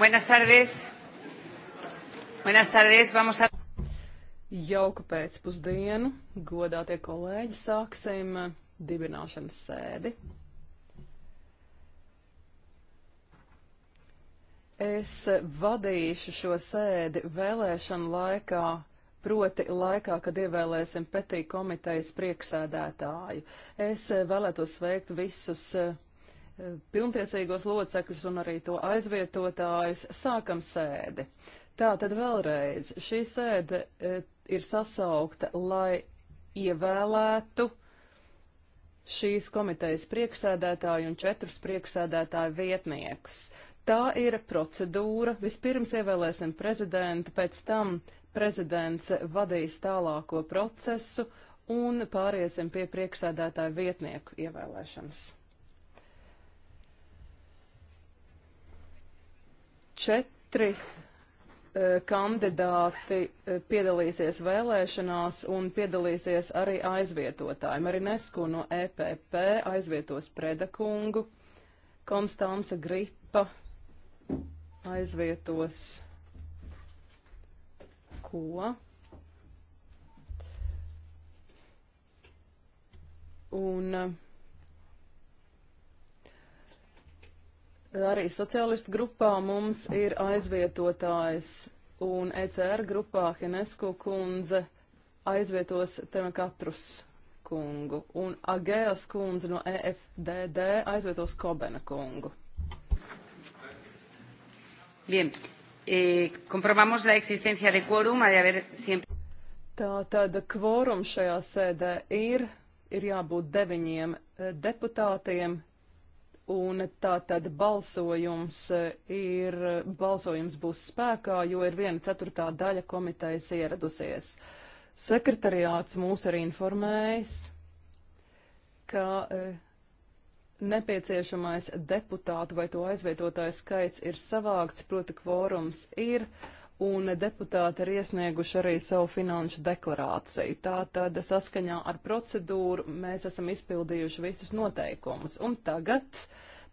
Buenas tardes. Buenas tardes. Vamos a. Jauka pēcpusdiena, godātie kolēģi, sāksim eh, dibināšanas sēdi. Es eh, vadīšu šo sēdi vēlēšanu laikā, proti laikā, kad ievēlēsim petī komitejas prieksēdētāju. Es eh, vēlētos sveikt visus pilntiesīgos locekļus un arī to aizvietotājus. Sākam sēdi. Tā tad vēlreiz šī sēde e, ir sasaukta, lai ievēlētu šīs komitejas priekšsēdētāju un četrus priekšsēdētāju vietniekus. Tā ir procedūra. Vispirms ievēlēsim prezidentu, pēc tam prezidents vadīs tālāko procesu un pāriesim pie priekšsēdētāju vietnieku ievēlēšanas. četri e, kandidāti e, piedalīsies vēlēšanās un piedalīsies arī aizvietotāji. Marinesko no EPP aizvietos Predakungu, Konstance Gripa aizvietos ko? Un uh, Arī sociālistu grupā mums ir aizvietotājs un ECR grupā Hinesku kundze aizvietos Temekatrus kungu un Agēlas kundze no EFDD aizvietos Kobena kungu. Bien. Eh, comprobamos la existencia de quórum, ha de haber siempre. Tā tad kvorums šajā sēdē ir, ir jābūt deviņiem eh, deputātiem, Un tā tad balsojums, eh, ir, balsojums būs spēkā, jo ir viena ceturtā daļa komitejas ieradusies. Sekretariāts mūs arī informējis, ka eh, nepieciešamais deputātu vai to aizvietotāju skaits ir savākts, proti kvorums ir. Uh, un deputāti ir iesnieguši arī savu finanšu deklarāciju. Tātad saskaņā ar procedūru mēs esam izpildījuši visus noteikumus. Un tagad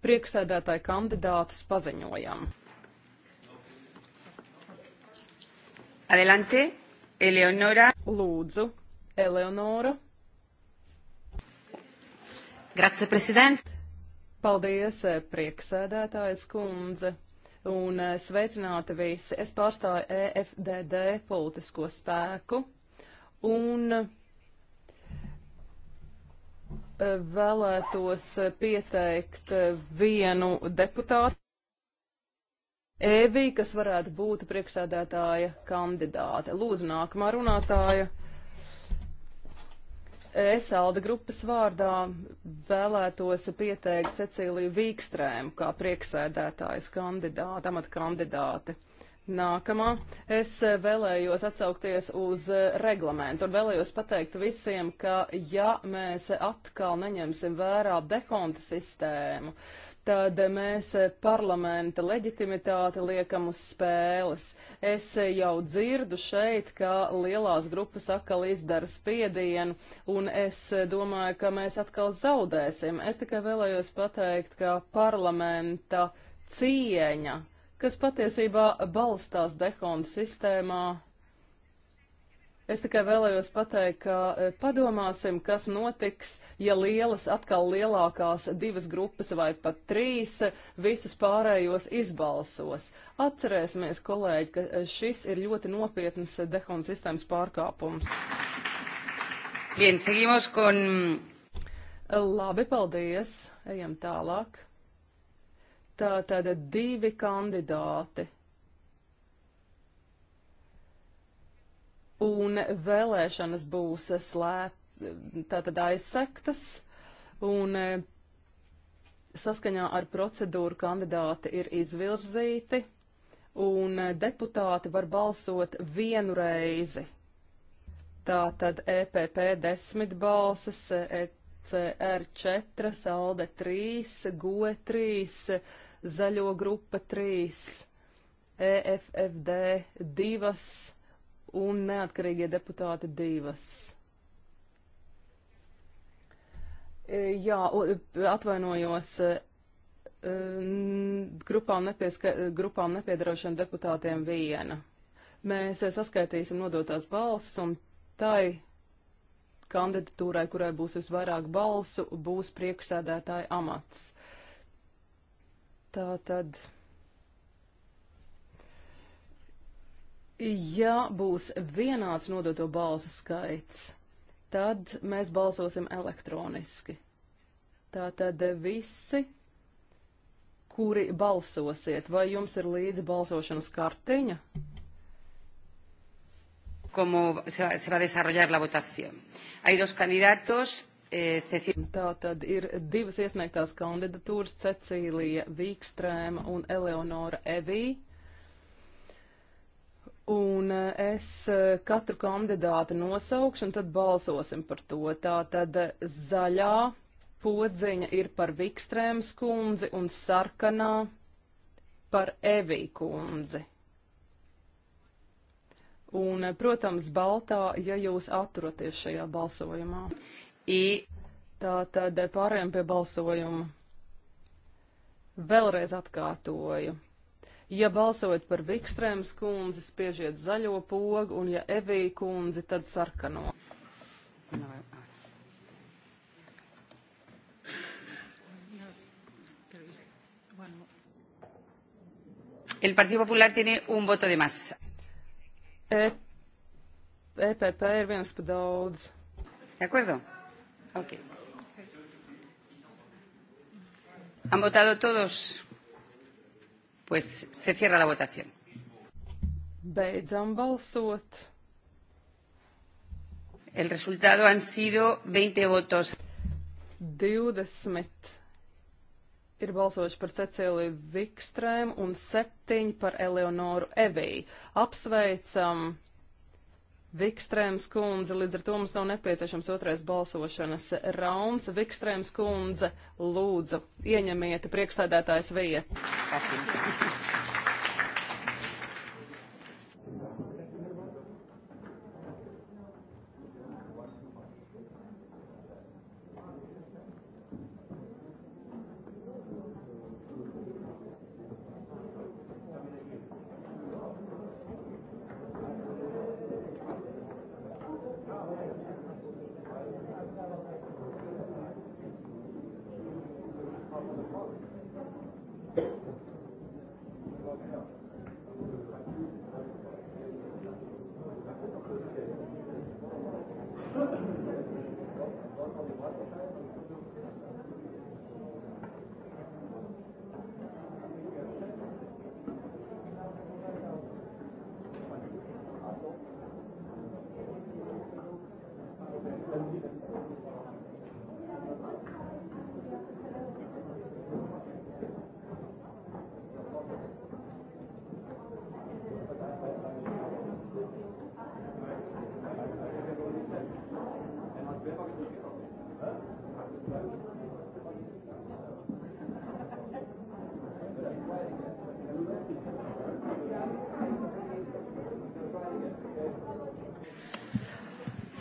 priekšsēdētāju kandidātus paziņojam. Adelante, Eleonora. Lūdzu, Eleonora. Grazie, prezident. Paldies, prieksēdētājas kundze un eh, sveicināti visi. Es pārstāju EFDD politisko spēku un eh, vēlētos eh, pieteikt vienu deputātu. Evī, kas varētu būt priekšsēdētāja kandidāte. Lūdzu, nākamā runātāja. Es Alda grupas vārdā vēlētos pieteikt Cecīliju Vīkstrēmu kā prieksēdētājas kandidāti, amata kandidāti. Nākamā. Es vēlējos atsaukties uz reglamentu un vēlējos pateikt visiem, ka ja mēs atkal neņemsim vērā dekonta sistēmu, uh, tad mēs parlamenta leģitimitāti liekam uz spēles. Es jau dzirdu šeit, ka lielās grupas atkal izdara spiedienu, un es domāju, ka mēs atkal zaudēsim. Es tikai vēlējos pateikt, ka parlamenta cieņa, kas patiesībā balstās dehonta sistēmā, Es tikai vēlējos pateikt, ka e, padomāsim, kas notiks, ja lielas atkal lielākās divas grupas vai pat trīs e, visus pārējos izbalsos. Atcerēsimies, kolēģi, ka e, šis ir ļoti nopietnas dehona sistēmas pārkāpums. Bien, seguimos con... Labi, paldies. Ejam tālāk. Tātad divi kandidāti un vēlēšanas būs slēp, tātad aizsektas, un e, saskaņā ar procedūru kandidāti ir izvirzīti, un e, deputāti var balsot vienu reizi. Tātad EPP desmit balsas, ECR e četras, ALDE trīs, GOE trīs, Zaļo grupa trīs, EFFD divas un neatkarīgie deputāti divas. E, jā, atvainojos, e, e, grupām, nepieska, grupām nepiedarošiem deputātiem viena. Mēs saskaitīsim nodotās balsis un tai kandidatūrai, kurai būs visvairāk balsu, būs priekšsēdētāja amats. Tā tad. ja būs vienāds nodoto balsu skaits, tad mēs balsosim elektroniski. Tātad visi, kuri balsosiet, vai jums ir līdzi balsošanas kartiņa? Como se va, se va a desarrollar la votación. Hay dos candidatos. Eh, Cecil... Tā tad ir divas iesniegtās kandidatūras - Cecīlija Vīkstrēma un Eleonora Evija. Un eh, es eh, katru kandidātu nosaukšu, un tad balsosim par to. Tā tad eh, zaļā podziņa ir par Vikstrēmas kundzi un sarkanā par Evī kundzi. Un, protams, baltā, ja jūs atturaties šajā balsojumā. I. Tā tad pārējām pie balsojuma. Vēlreiz atkārtoju. Ja balsojat par Bikstrēmas kundzi, spiežiet zaļo pogu, un ja Evija kundzi, tad sarkano. El Partido Popular tiene un voto de más. E, EPP ir viens pa daudz. De acuerdo? Ok. Han votado todos. Pues se cierra la votación. Beidzam balsot. El resultado han sido 20 votos. 20 ir balsojuši par Cecēliju Vikstrēmu un 7 par Eleonoru Eviju. Apsveicam Vikstrēms kundze, līdz ar to mums nav nepieciešams otrais balsošanas rauns. Vikstrēms kundze, lūdzu, ieņemiet priekšsēdētājs vietu.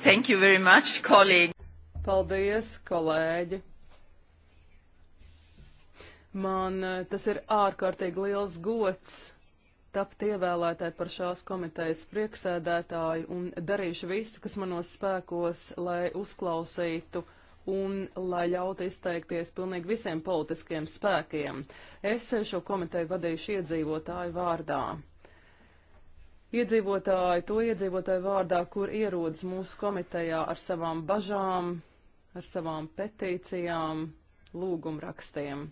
Thank you very much, kolēģi. Paldies, kolēģi. Man eh, tas ir ārkārtīgi liels gods tapt ievēlētai par šās komitejas prieksēdētāju un darīšu visu, kas manos spēkos, lai uzklausītu un lai ļautu izteikties pilnīgi visiem politiskiem spēkiem. Es šo komiteju vadīšu iedzīvotāju vārdā iedzīvotāju, to iedzīvotāju vārdā, kur ierodas mūsu komitejā ar savām bažām, ar savām petīcijām, lūgumrakstiem.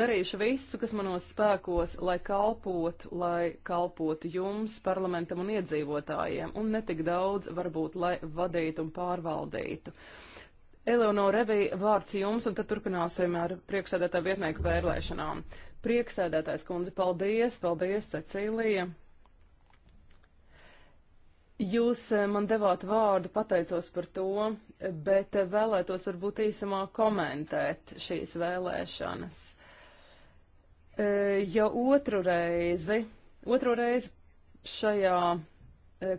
Darīšu visu, kas manos spēkos, lai kalpotu, lai kalpotu jums, parlamentam un iedzīvotājiem, un netik daudz varbūt, lai vadītu un pārvaldītu. Eleonora Revī, vārds jums, un tad turpināsim ar priekšsēdētāju vietnieku vēlēšanām. Priekšsēdētājs kundze, paldies, paldies, Cecīlija. Jūs eh, man devāt vārdu, pateicos par to, bet eh, vēlētos varbūt īsumā komentēt šīs vēlēšanas. Eh, ja otru reizi, otru reizi šajā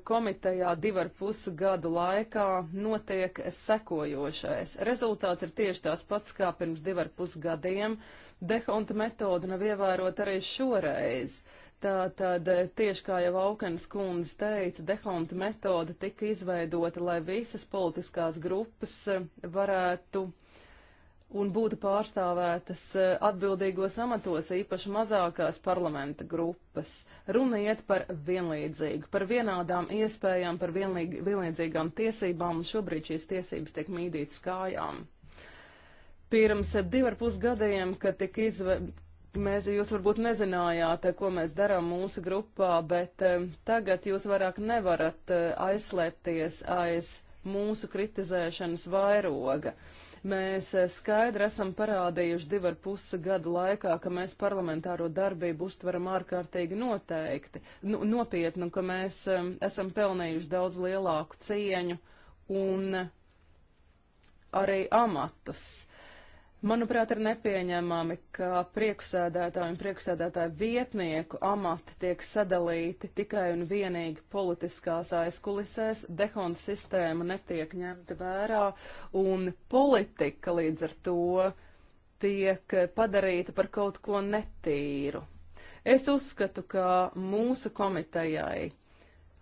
komitejā divu ar pusi gadu laikā notiek sekojošais. Rezultāts ir tieši tās pats kā pirms divu ar pusi gadiem. Dehonta metodu nav ievērot arī šoreiz. Uh, Tātad, e, tieši kā jau Aukens kundze teica, dehonta metode tika izveidota, lai visas politiskās grupas e, varētu un būtu pārstāvētas e, atbildīgos amatos, īpaši mazākās parlamenta grupas. Runa iet par vienlīdzīgu, par vienādām iespējām, par vienlīg, vienlīdzīgām tiesībām, un šobrīd šīs tiesības tiek mīdītas kājām. Pirms divar pusgadiem, kad tika izveidota Mēs jūs varbūt nezinājāt, ko mēs darām mūsu grupā, bet eh, tagad jūs vairāk nevarat eh, aizslēpties aiz mūsu kritizēšanas vairoga. Mēs eh, skaidri esam parādījuši divu ar pusi gadu laikā, ka mēs parlamentāro darbību uztveram ārkārtīgi noteikti, nu, nopietni, un ka mēs esam pelnījuši daudz lielāku cieņu un arī amatus. Manuprāt, ir nepieņemami, ka priekšsēdētāju un priekšsēdētāju vietnieku amati tiek sadalīti tikai un vienīgi politiskās aizkulisēs, dehonta sistēma netiek ņemta vērā un politika līdz ar to tiek padarīta par kaut ko netīru. Es uzskatu, ka mūsu komitejai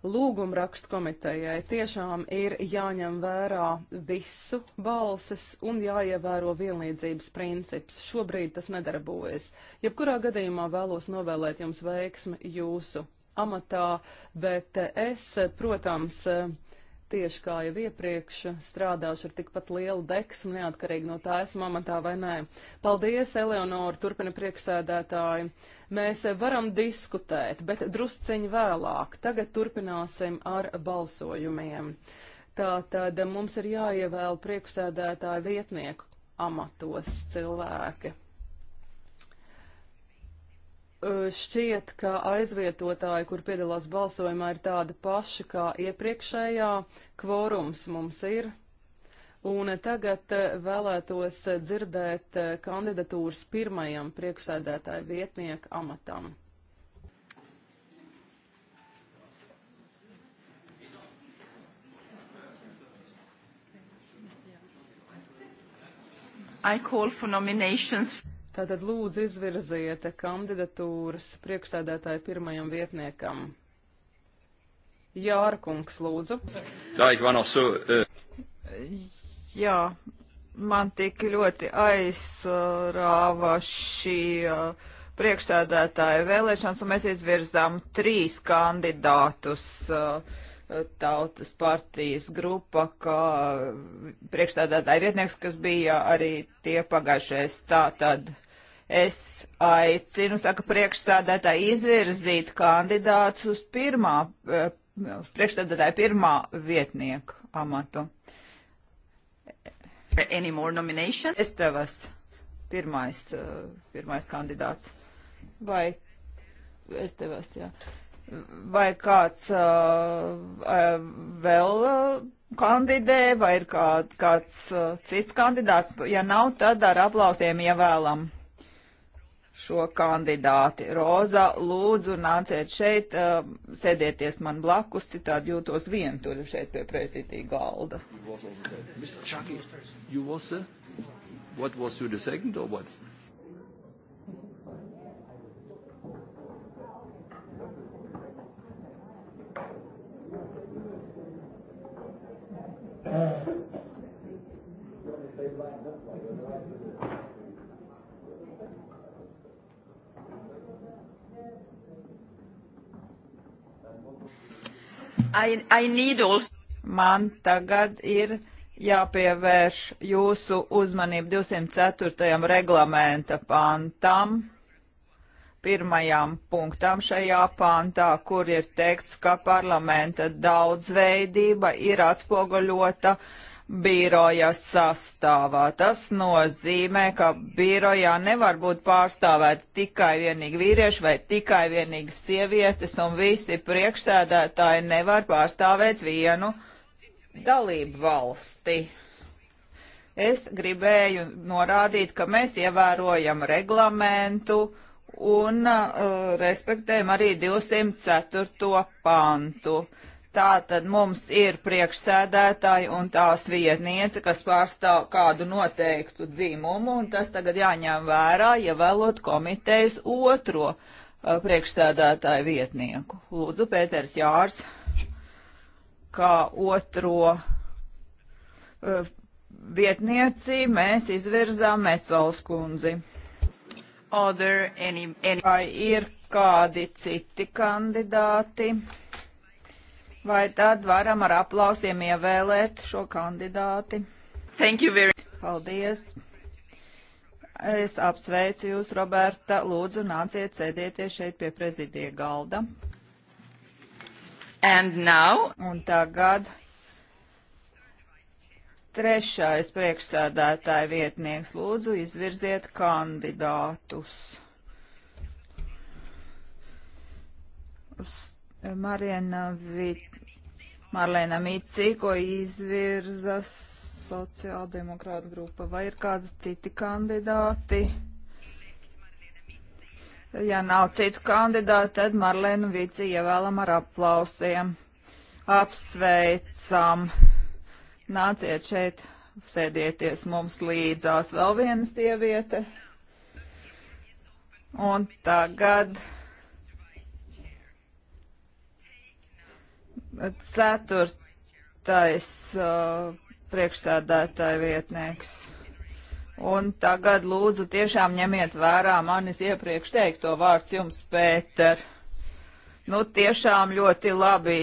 Lūgumrakstu komitejai tiešām ir jāņem vērā visu balses un jāievēro vienlīdzības princips. Šobrīd tas nedarbojas. Jebkurā gadījumā vēlos novēlēt jums veiksmi jūsu amatā, bet es, protams, tieši kā jau iepriekš strādāšu ar tikpat lielu deksmu, neatkarīgi no tā esmu amatā vai nē. Paldies, Eleonora, turpina priekšsēdētāji. Mēs varam diskutēt, bet drusciņi vēlāk. Tagad turpināsim ar balsojumiem. Tātad mums ir jāievēl priekšsēdētāju vietnieku amatos cilvēki šķiet, ka aizvietotāji, kur piedalās balsojumā, ir tādi paši kā iepriekšējā. Kvorums mums ir. Un tagad vēlētos dzirdēt kandidatūras pirmajam priekšsēdētāju vietnieku amatam. I call for nominations. Tātad lūdzu izvirziet kandidatūras priekšsēdētāju pirmajam vietniekam. Jārkungs, lūdzu. Tā ir vanos. Eh, Jā, man tik ļoti aizrāva šī eh, priekšsēdētāja vēlēšanas, un mēs izvirzām trīs kandidātus eh, tautas partijas grupa, kā priekšstādātāja vietnieks, kas bija arī tie pagājušais. Tā tad Es aicinu, saka priekšsādātāji, izvirzīt kandidātus uz pirmā, eh, uz priekšsādātāja pirmā vietnieku amatu. Any more nomination? Es tevas pirmais, eh, pirmais kandidāts. Vai es tevas, jā. Vai kāds uh, vēl kandidē, vai ir kā, kāds uh, cits kandidāts? Ja nav, tad ar aplausiem ievēlam. Ja šo kandidāti. Roza, lūdzu, nāciet šeit, uh, sēdieties man blakus, citādi jūtos vientuļu šeit pie prezidija galda. Chucky, was, uh, what was you the second or what? Uh, I, I also... Man tagad ir jāpievērš jūsu uzmanību 204. reglamenta pantam, pirmajām punktām šajā pantā, kur ir teikts, ka parlamenta daudzveidība ir atspoguļota uh, biroja sastāvā. Tas nozīmē, ka birojā nevar būt pārstāvēt tikai vienīgi vīrieši vai tikai vienīgi sievietes, un visi priekšsēdētāji nevar pārstāvēt vienu dalību valsti. Es gribēju norādīt, ka mēs ievērojam reglamentu un uh, respektējam arī 204. pantu. Uh, Tātad mums ir priekšsēdētāji un tās vietniece, kas pārstāv kādu noteiktu dzimumu, un tas tagad jāņem vērā, ja vēlot komitejas otro uh, priekšsēdētāju vietnieku. Lūdzu, Pēters Jārs, kā otro uh, vietnieci mēs izvirzām Mecels kundzi. Any, any... Vai ir kādi citi kandidāti? Vai tad varam ar aplausiem ievēlēt šo kandidāti? Thank you very much. Paldies. Es apsveicu jūs, Roberta. Lūdzu, nāciet, sēdieties šeit pie prezidija galda. And now? Un tagad trešais priekšsēdētāja vietnieks. Lūdzu, izvirziet kandidātus. Mariena Vit Marlēna Mīcī, ko izvirza sociāldemokrāta grupa, vai ir kādi citi kandidāti? Ja nav citu kandidātu, tad Marlēnu Vici ievēlam ar aplausiem. Apsveicam! Nāciet šeit, sēdieties mums līdzās vēl viena sieviete. Un tagad. Ceturtais uh, priekšsēdētāja vietnieks. Un tagad lūdzu tiešām ņemiet vērā manis iepriekš teikto vārds jums, Pēter. Nu, tiešām ļoti labi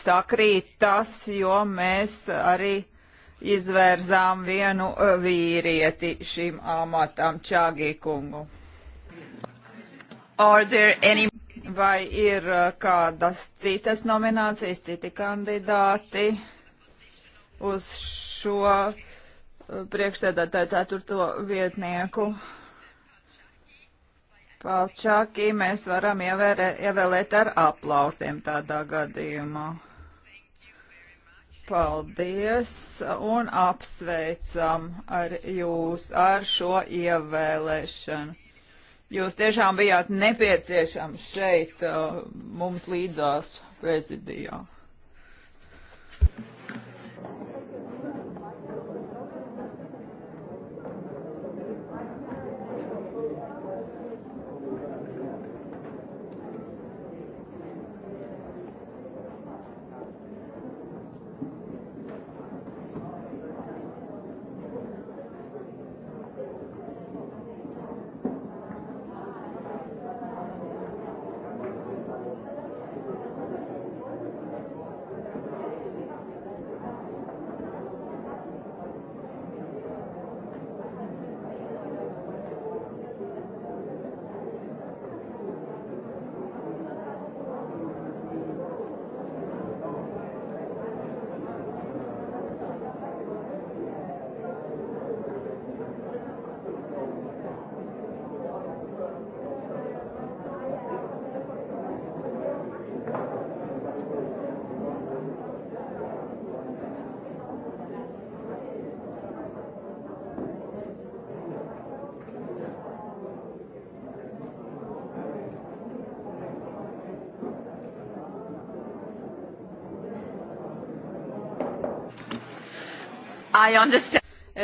sakrīt tas, jo mēs arī izvērzām vienu uh, vīrieti šim amatam, Čāgī kungu. Any... Vai ir uh, kādas citas nominācijas, citi kandidāti uz šo uh, priekšsēdētāju ceturto vietnieku? Palčāki mēs varam ievērē, ievēlēt ar aplausiem tādā gadījumā. Paldies un apsveicam ar jūs ar šo ievēlēšanu. Jūs tiešām bijāt nepieciešams šeit uh, mums līdzās prezidijā.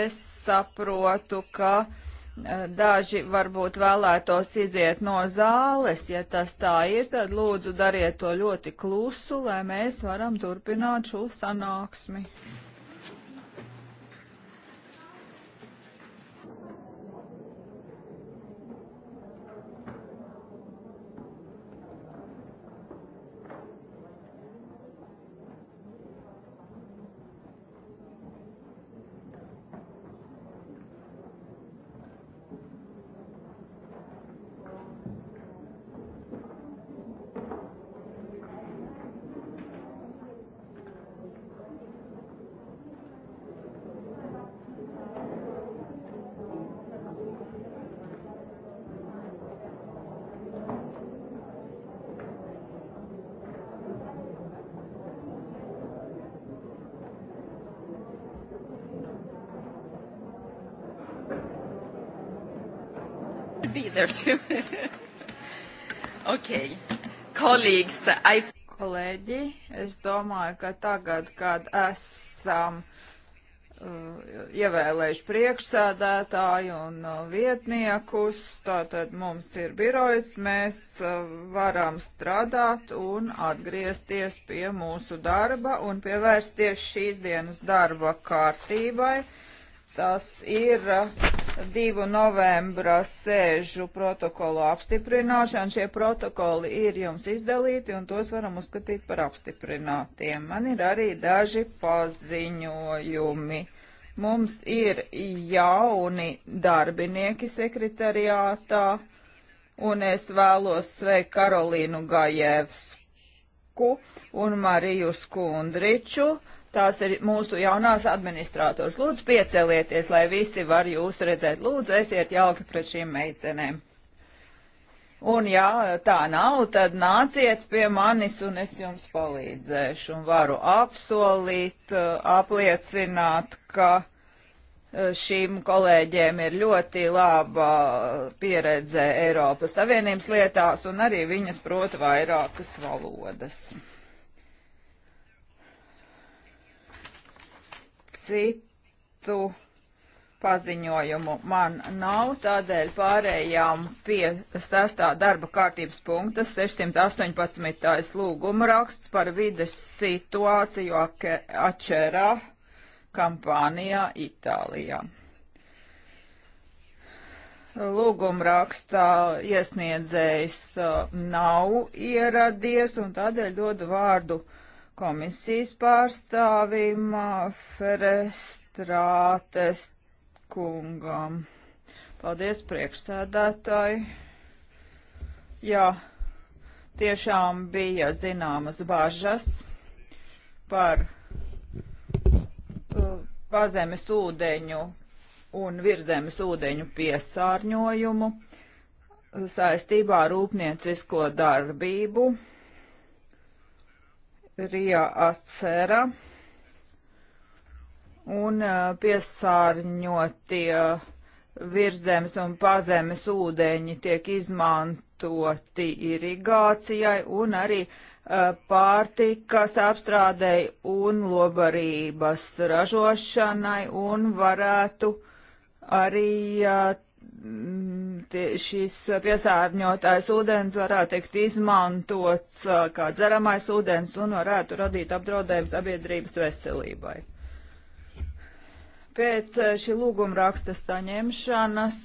Es saprotu, ka eh, daži varbūt vēlētos iziet no zāles. Ja tas tā ir, tad lūdzu dariet to ļoti klusu, lai mēs varam turpināt šo sanāksmi. be there too. okay. Colleagues, I... Kolēģi, es domāju, ka tagad, kad esam uh, ievēlējuši priekšsēdētāju un uh, vietniekus, tātad mums ir birojas, mēs uh, varam strādāt un atgriezties pie mūsu darba un pievērsties šīs dienas darba kārtībai. Tas ir uh, 2. novembra sēžu protokolu apstiprināšanu. Šie protokoli ir jums izdalīti un tos varam uzskatīt par apstiprinātiem. Man ir arī daži paziņojumi. Mums ir jauni darbinieki sekretariātā un es vēlos sveikt Karolīnu Gajevsku un Mariju Skundriču Tās ir mūsu jaunās administrators. Lūdzu, piecelieties, lai visi var jūs redzēt. Lūdzu, esiet jauki pret šīm meitenēm. Un ja tā nav, tad nāciet pie manis un es jums palīdzēšu un varu apsolīt, uh, apliecināt, ka uh, šīm kolēģiem ir ļoti laba uh, pieredze Eiropas Savienības lietās, un arī viņas prot vairākas valodas. Citu paziņojumu man nav, tādēļ pārējām pie sestā darba kārtības punkta 618. lūguma raksts par vides situāciju Ačerā, Kampānijā, Itālijā. Lūguma rakstā iesniedzējs uh, nav ieradies un tādēļ dodu vārdu uh, komisijas pārstāvim Ferestrātes kungam. Paldies priekšsēdētāji. Jā, tiešām bija zināmas bažas par pazemes ūdeņu un virzemes ūdeņu piesārņojumu saistībā ar rūpniecisko darbību Rijā Acera un uh, piesārņotie virzemes un pazemes ūdeņi tiek izmantoti irigācijai un arī uh, pārtikas apstrādei un lobarības ražošanai un varētu arī uh, Mm, šis piesārņotājs ūdens varētu tikt izmantots uh, kā dzeramais ūdens un varētu radīt apdraudējumu sabiedrības veselībai. Pēc uh, šī lūguma raksta saņemšanas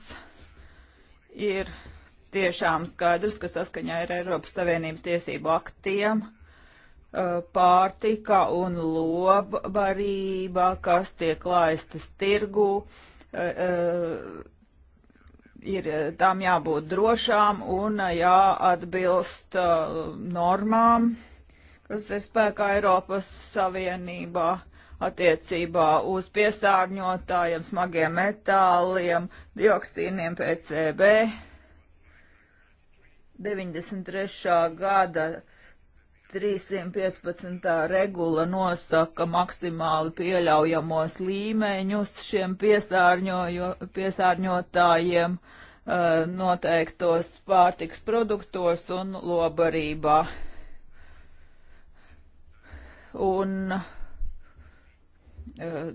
ir tiešām skaidrs, ka saskaņā ar Eiropas Savienības tiesību aktiem uh, pārtika un lobarība, kas tiek laistas tirgū, ir eh, tām jābūt drošām un eh, jāatbilst uh, normām, kas ir spēkā Eiropas Savienībā attiecībā uz piesārņotājiem, smagiem metāliem, dioksīniem, PCB. 93. gada 315. regula nosaka maksimāli pieļaujamos līmeņus šiem piesārņotājiem uh, noteiktos pārtiks produktos un lobarībā. Un uh, eh,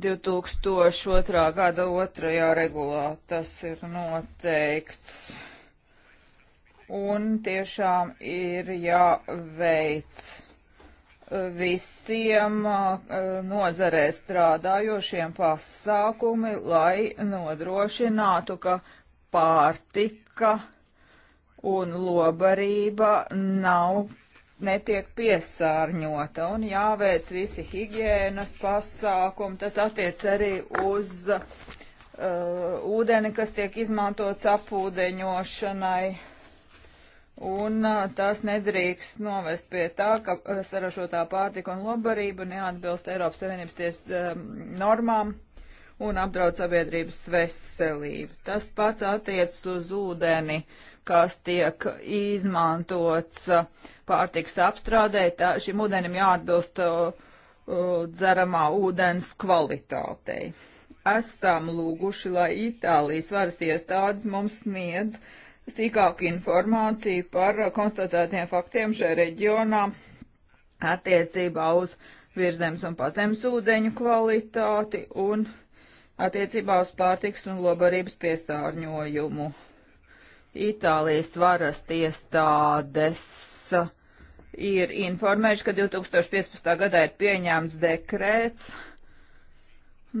2002. gada otrajā regulā tas ir noteikts un tiešām ir jāveic visiem uh, nozarē strādājošiem pasākumi, lai nodrošinātu, ka pārtika un lobarība nav netiek piesārņota un jāveic visi higiēnas pasākumi. Tas attiec arī uz uh, ūdeni, kas tiek izmantots apūdeņošanai un tas nedrīkst novest pie tā, ka saražotā pārtika un labbarība neatbilst Eiropas Savienības ties um, normām un apdraud sabiedrības veselību. Tas pats attiecas uz ūdeni, kas tiek izmantots pārtiks apstrādē. Tā, šim ūdenim jāatbilst uh, dzeramā ūdens kvalitātei. Esam lūguši, lai Itālijas varas iestādes mums sniedz uh, sīkāku informāciju par konstatētiem faktiem šajā reģionā attiecībā uz virzemes un pazemes ūdeņu kvalitāti un attiecībā uz pārtiks un lobarības piesārņojumu. Itālijas varas tiestādes ir informējuši, ka 2015. gadā ir pieņēmts dekrēts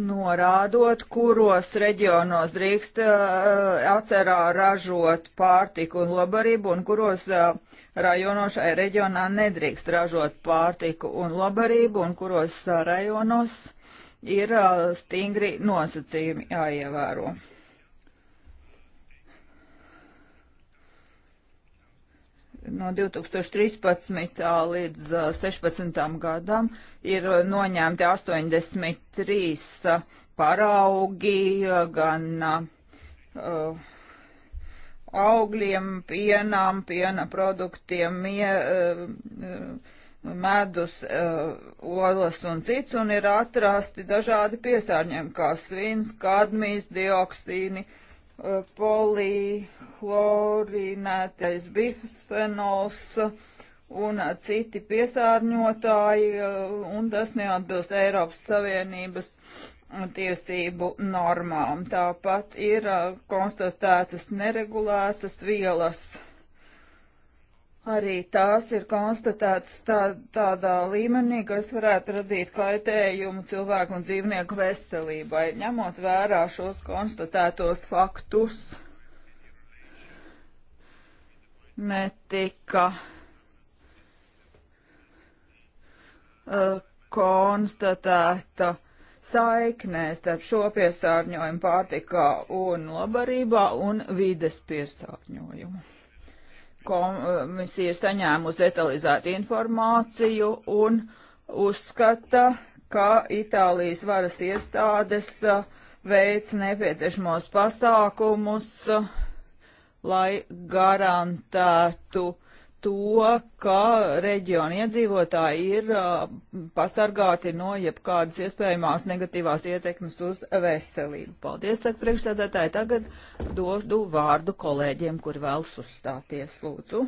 norādot, kuros reģionos drīkst uh, atcerā ražot pārtiku un labarību, un kuros uh, rajonos šai reģionā nedrīkst ražot pārtiku un labarību, un kuros uh, rajonos ir uh, stingri nosacījumi jāievēro. no 2013. līdz 16. gadam ir noņemti 83 paraugi gan uh, augļiem, pienām, piena produktiem, mie, uh, medus, uh, olas un cits, un ir atrasti dažādi piesārņojumi, kā svins, kadmijas, dioksīni, uh, polihlorinātais bifenols un citi piesārņotāji, un tas neatbilst Eiropas Savienības tiesību normām. Tāpat ir uh, konstatētas neregulētas vielas arī tās ir konstatētas tā, tādā līmenī, kas varētu radīt kaitējumu cilvēku un dzīvnieku veselībai, ņemot vērā šos konstatētos faktus. Netika uh, konstatēta saiknē starp šo piesārņojumu pārtikā un labarībā un vides piesārņojumu komisija ir saņēmusi detalizētu informāciju un uzskata, ka Itālijas varas iestādes uh, veic nepieciešamos pasākumus, uh, lai garantētu to, ka reģiona iedzīvotāji ir uh, pasargāti no jebkādas iespējamās negatīvās ietekmes uz veselību. Paldies, saka priekšstādātāji. Tagad došu vārdu kolēģiem, kur vēlas uzstāties, lūdzu.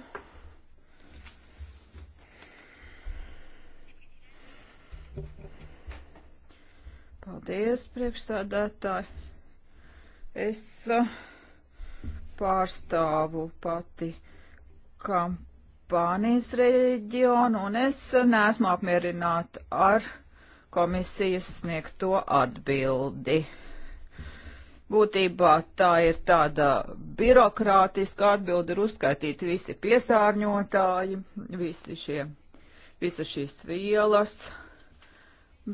Paldies, priekšstādātāji. Es uh, pārstāvu pati kampaņu Spānijas reģionu, un es neesmu apmierināta ar komisijas sniegto atbildi. Būtībā tā ir tāda birokrātiska atbilde, ir uzskaitīti visi piesārņotāji, visi šie, visas šīs vielas,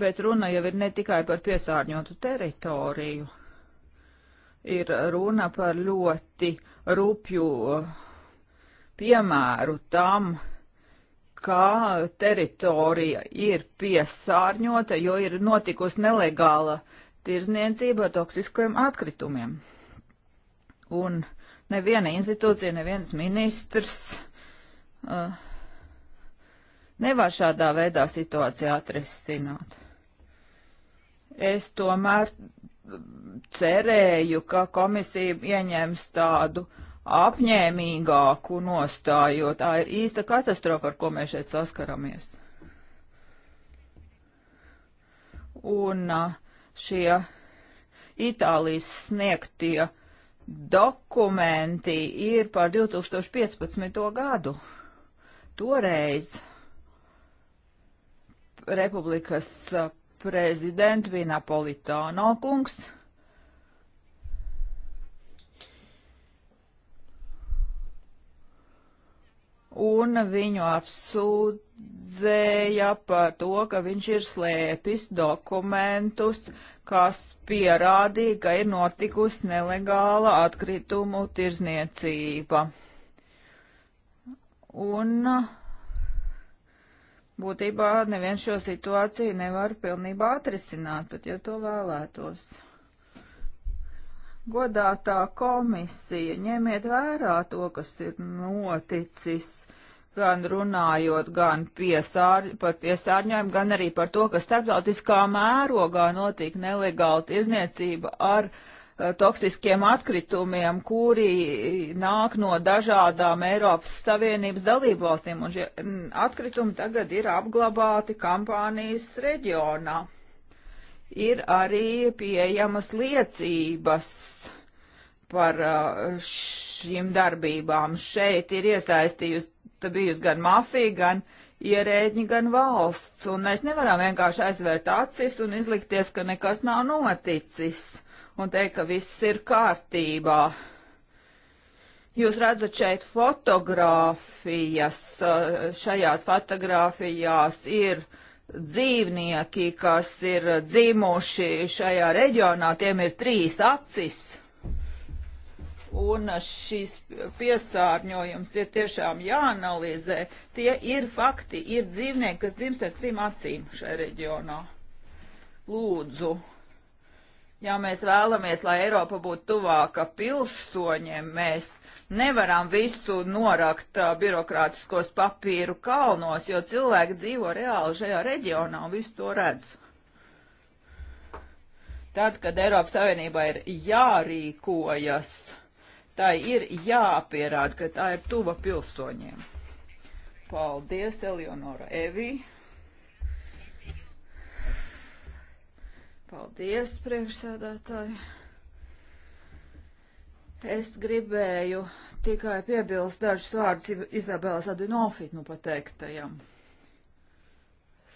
bet runa jau ir ne tikai par piesārņotu teritoriju, ir runa par ļoti rupju uh, piemēru tam, ka teritorija ir piesārņota, jo ir notikusi nelegāla tirzniecība ar toksiskajiem atkritumiem. Un neviena institūcija, neviens ministrs uh, nevar šādā veidā situāciju atrisināt. Es tomēr cerēju, ka komisija ieņems tādu uh, apņēmīgāku nostāju, jo tā ir īsta katastrofa, ar ko mēs šeit saskaramies. Un šie Itālijas sniegtie dokumenti ir par 2015. gadu. Toreiz Republikas prezidents bija Napolitāno kungs un viņu apsūdzēja par to, ka viņš ir slēpis dokumentus, kas pierādīja, ka ir notikusi nelegāla atkritumu tirzniecība. Un būtībā neviens šo situāciju nevar pilnībā atrisināt, pat ja to vēlētos. Godātā komisija, ņemiet vērā to, kas ir noticis, gan runājot gan piesār, par piesārņojumu, gan arī par to, ka starptautiskā mērogā notiek nelegāla tirzniecība ar uh, toksiskiem atkritumiem, kuri nāk no dažādām Eiropas Savienības dalību valstīm, un šie mm, atkritumi tagad ir apglabāti kampānijas reģionā ir arī pieejamas liecības par uh, šīm darbībām. Šeit ir iesaistījusi bijusi gan mafija, gan ierēģi, gan valsts, un mēs nevaram vienkārši aizvērt acis un izlikties, ka nekas nav noticis un teikt, ka viss ir kārtībā. Jūs redzat šeit fotogrāfijas, uh, šajās fotogrāfijās ir uh, dzīvnieki, kas ir dzīvojuši šajā reģionā, tiem ir trīs acis. Un šis piesārņojums ir tiešām jāanalizē. Tie ir fakti, ir dzīvnieki, kas dzimst ar trim acīm šajā reģionā. Lūdzu, Ja mēs vēlamies, lai Eiropa būtu tuvāka pilsoņiem, mēs nevaram visu norakt uh, birokrātiskos papīru kalnos, jo cilvēki dzīvo reāli šajā reģionā un visu to redz. Tad, kad Eiropas Savienībā ir jārīkojas, tai ir jāpierāda, ka tā ir tuva pilsoņiem. Paldies, Eleonora Evija. Paldies, priekšsēdētāji. Es gribēju tikai piebilst dažus vārdus Izabelas Adinofit nu pateiktajam.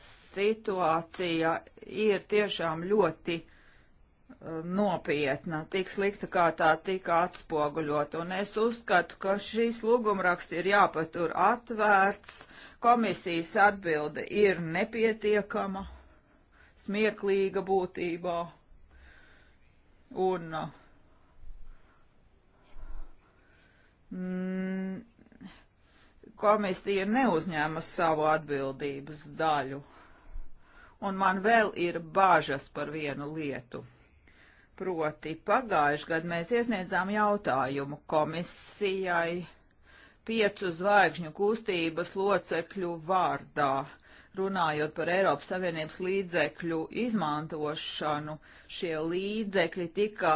Situācija ir tiešām ļoti uh, nopietna, tik slikta, kā tā tika atspoguļot. Un es uzskatu, ka šīs lūgumraksts ir jāpatur atvērts, komisijas atbilde ir nepietiekama smieklīga būtībā. Un mm, komisija neuzņēma savu atbildības daļu. Un man vēl ir bažas par vienu lietu. Proti, pagājuši gadu mēs iesniedzām jautājumu komisijai piecu zvaigžņu kustības locekļu vārdā runājot par Eiropas Savienības līdzekļu izmantošanu, šie līdzekļi tika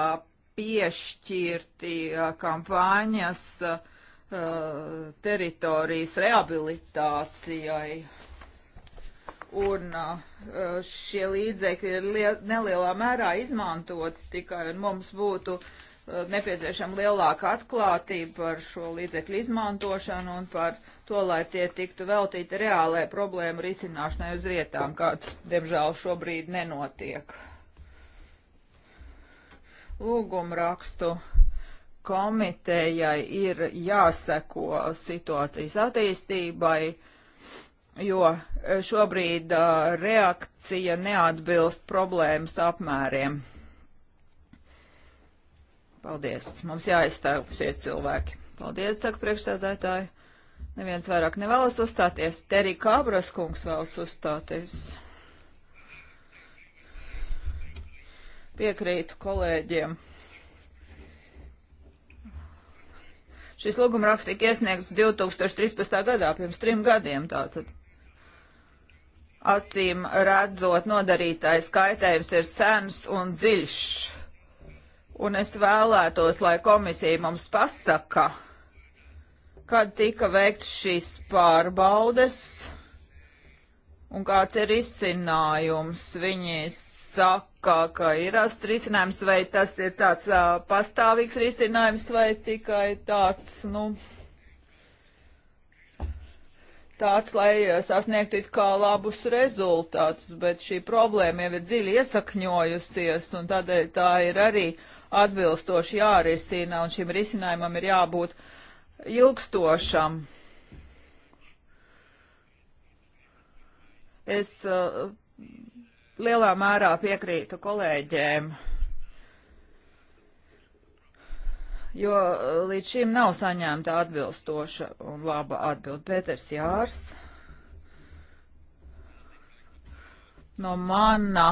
piešķirti uh, kampaņas uh, teritorijas rehabilitācijai. Un uh, šie līdzekļi ir nelielā mērā izmantoti tikai, un mums būtu uh, nepieciešama lielāka atklātība par šo līdzekļu izmantošanu un par to, lai tie tiktu veltīti reālai problēmu risināšanai uz vietām, kāds, diemžēl, šobrīd nenotiek. Lūgumrakstu komitejai ir jāseko situācijas attīstībai, jo šobrīd uh, reakcija neatbilst problēmas apmēriem. Paldies. Mums jāizstāv šie cilvēki. Paldies, saka priekšstādātāji. Neviens vairāk nevēlas uzstāties. Terī Kābras kungs vēlas uzstāties. Piekrītu kolēģiem. Šis lūgumraksts tika iesniegts 2013. gadā, pirms trim gadiem tātad. Acīm redzot, nodarītais kaitējums ir sens un dziļš. Un es vēlētos, lai komisija mums pasaka, kad tika veikts šīs pārbaudes un kāds ir izcinājums. Viņi saka, ka ir rast risinājums, vai tas ir tāds uh, pastāvīgs risinājums, vai tikai tāds, nu, tāds, lai sasniegtu it kā labus rezultātus, bet šī problēma jau ir dziļi iesakņojusies, un tādēļ tā ir arī atbilstoši jārisina, un šim risinājumam ir jābūt uh, ilgstošam. Es uh, lielā mērā piekrītu kolēģiem, jo līdz šim nav saņemta atbilstoša un laba atbild. Pēters Jārs no mana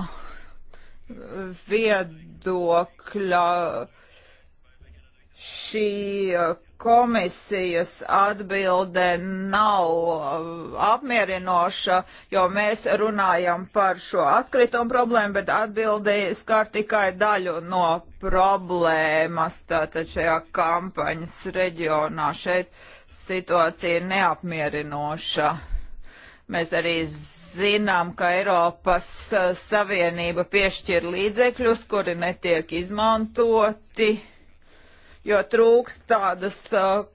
viedokļa šī uh, komisijas atbilde nav uh, apmierinoša, jo mēs runājam par šo atkritumu problēmu, bet atbilde skar tikai daļu no problēmas. Tātad šajā kampaņas reģionā šeit situācija ir neapmierinoša. Mēs arī zinām, ka Eiropas uh, Savienība piešķir līdzekļus, kuri netiek izmantoti jo trūkst tādas uh,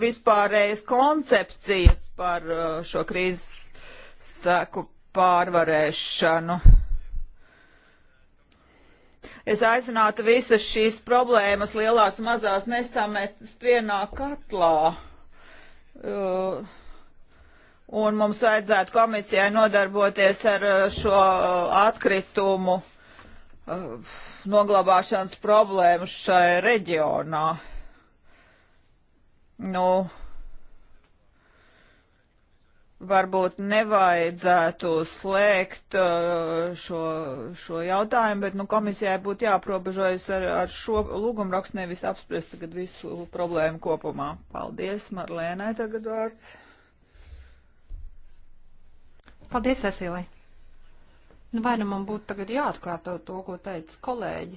vispārējas koncepcijas par uh, šo krīzes seku pārvarēšanu. Es aicinātu visas šīs problēmas, lielās un mazās, nesamest vienā katlā. Uh, un mums vajadzētu komisijai nodarboties ar uh, šo uh, atkritumu Uh, noglabāšanas problēmas šai reģionā. Nu, varbūt nevajadzētu slēgt uh, šo, šo jautājumu, bet nu, komisijai būtu jāprobežojas ar, ar šo lūgumrakstu, nevis apspriest tagad visu problēmu kopumā. Paldies, Marlēnai tagad vārds. Paldies, Esilija. Nu, vai nu man būtu tagad jāatkārto to, ko teica kolēģi,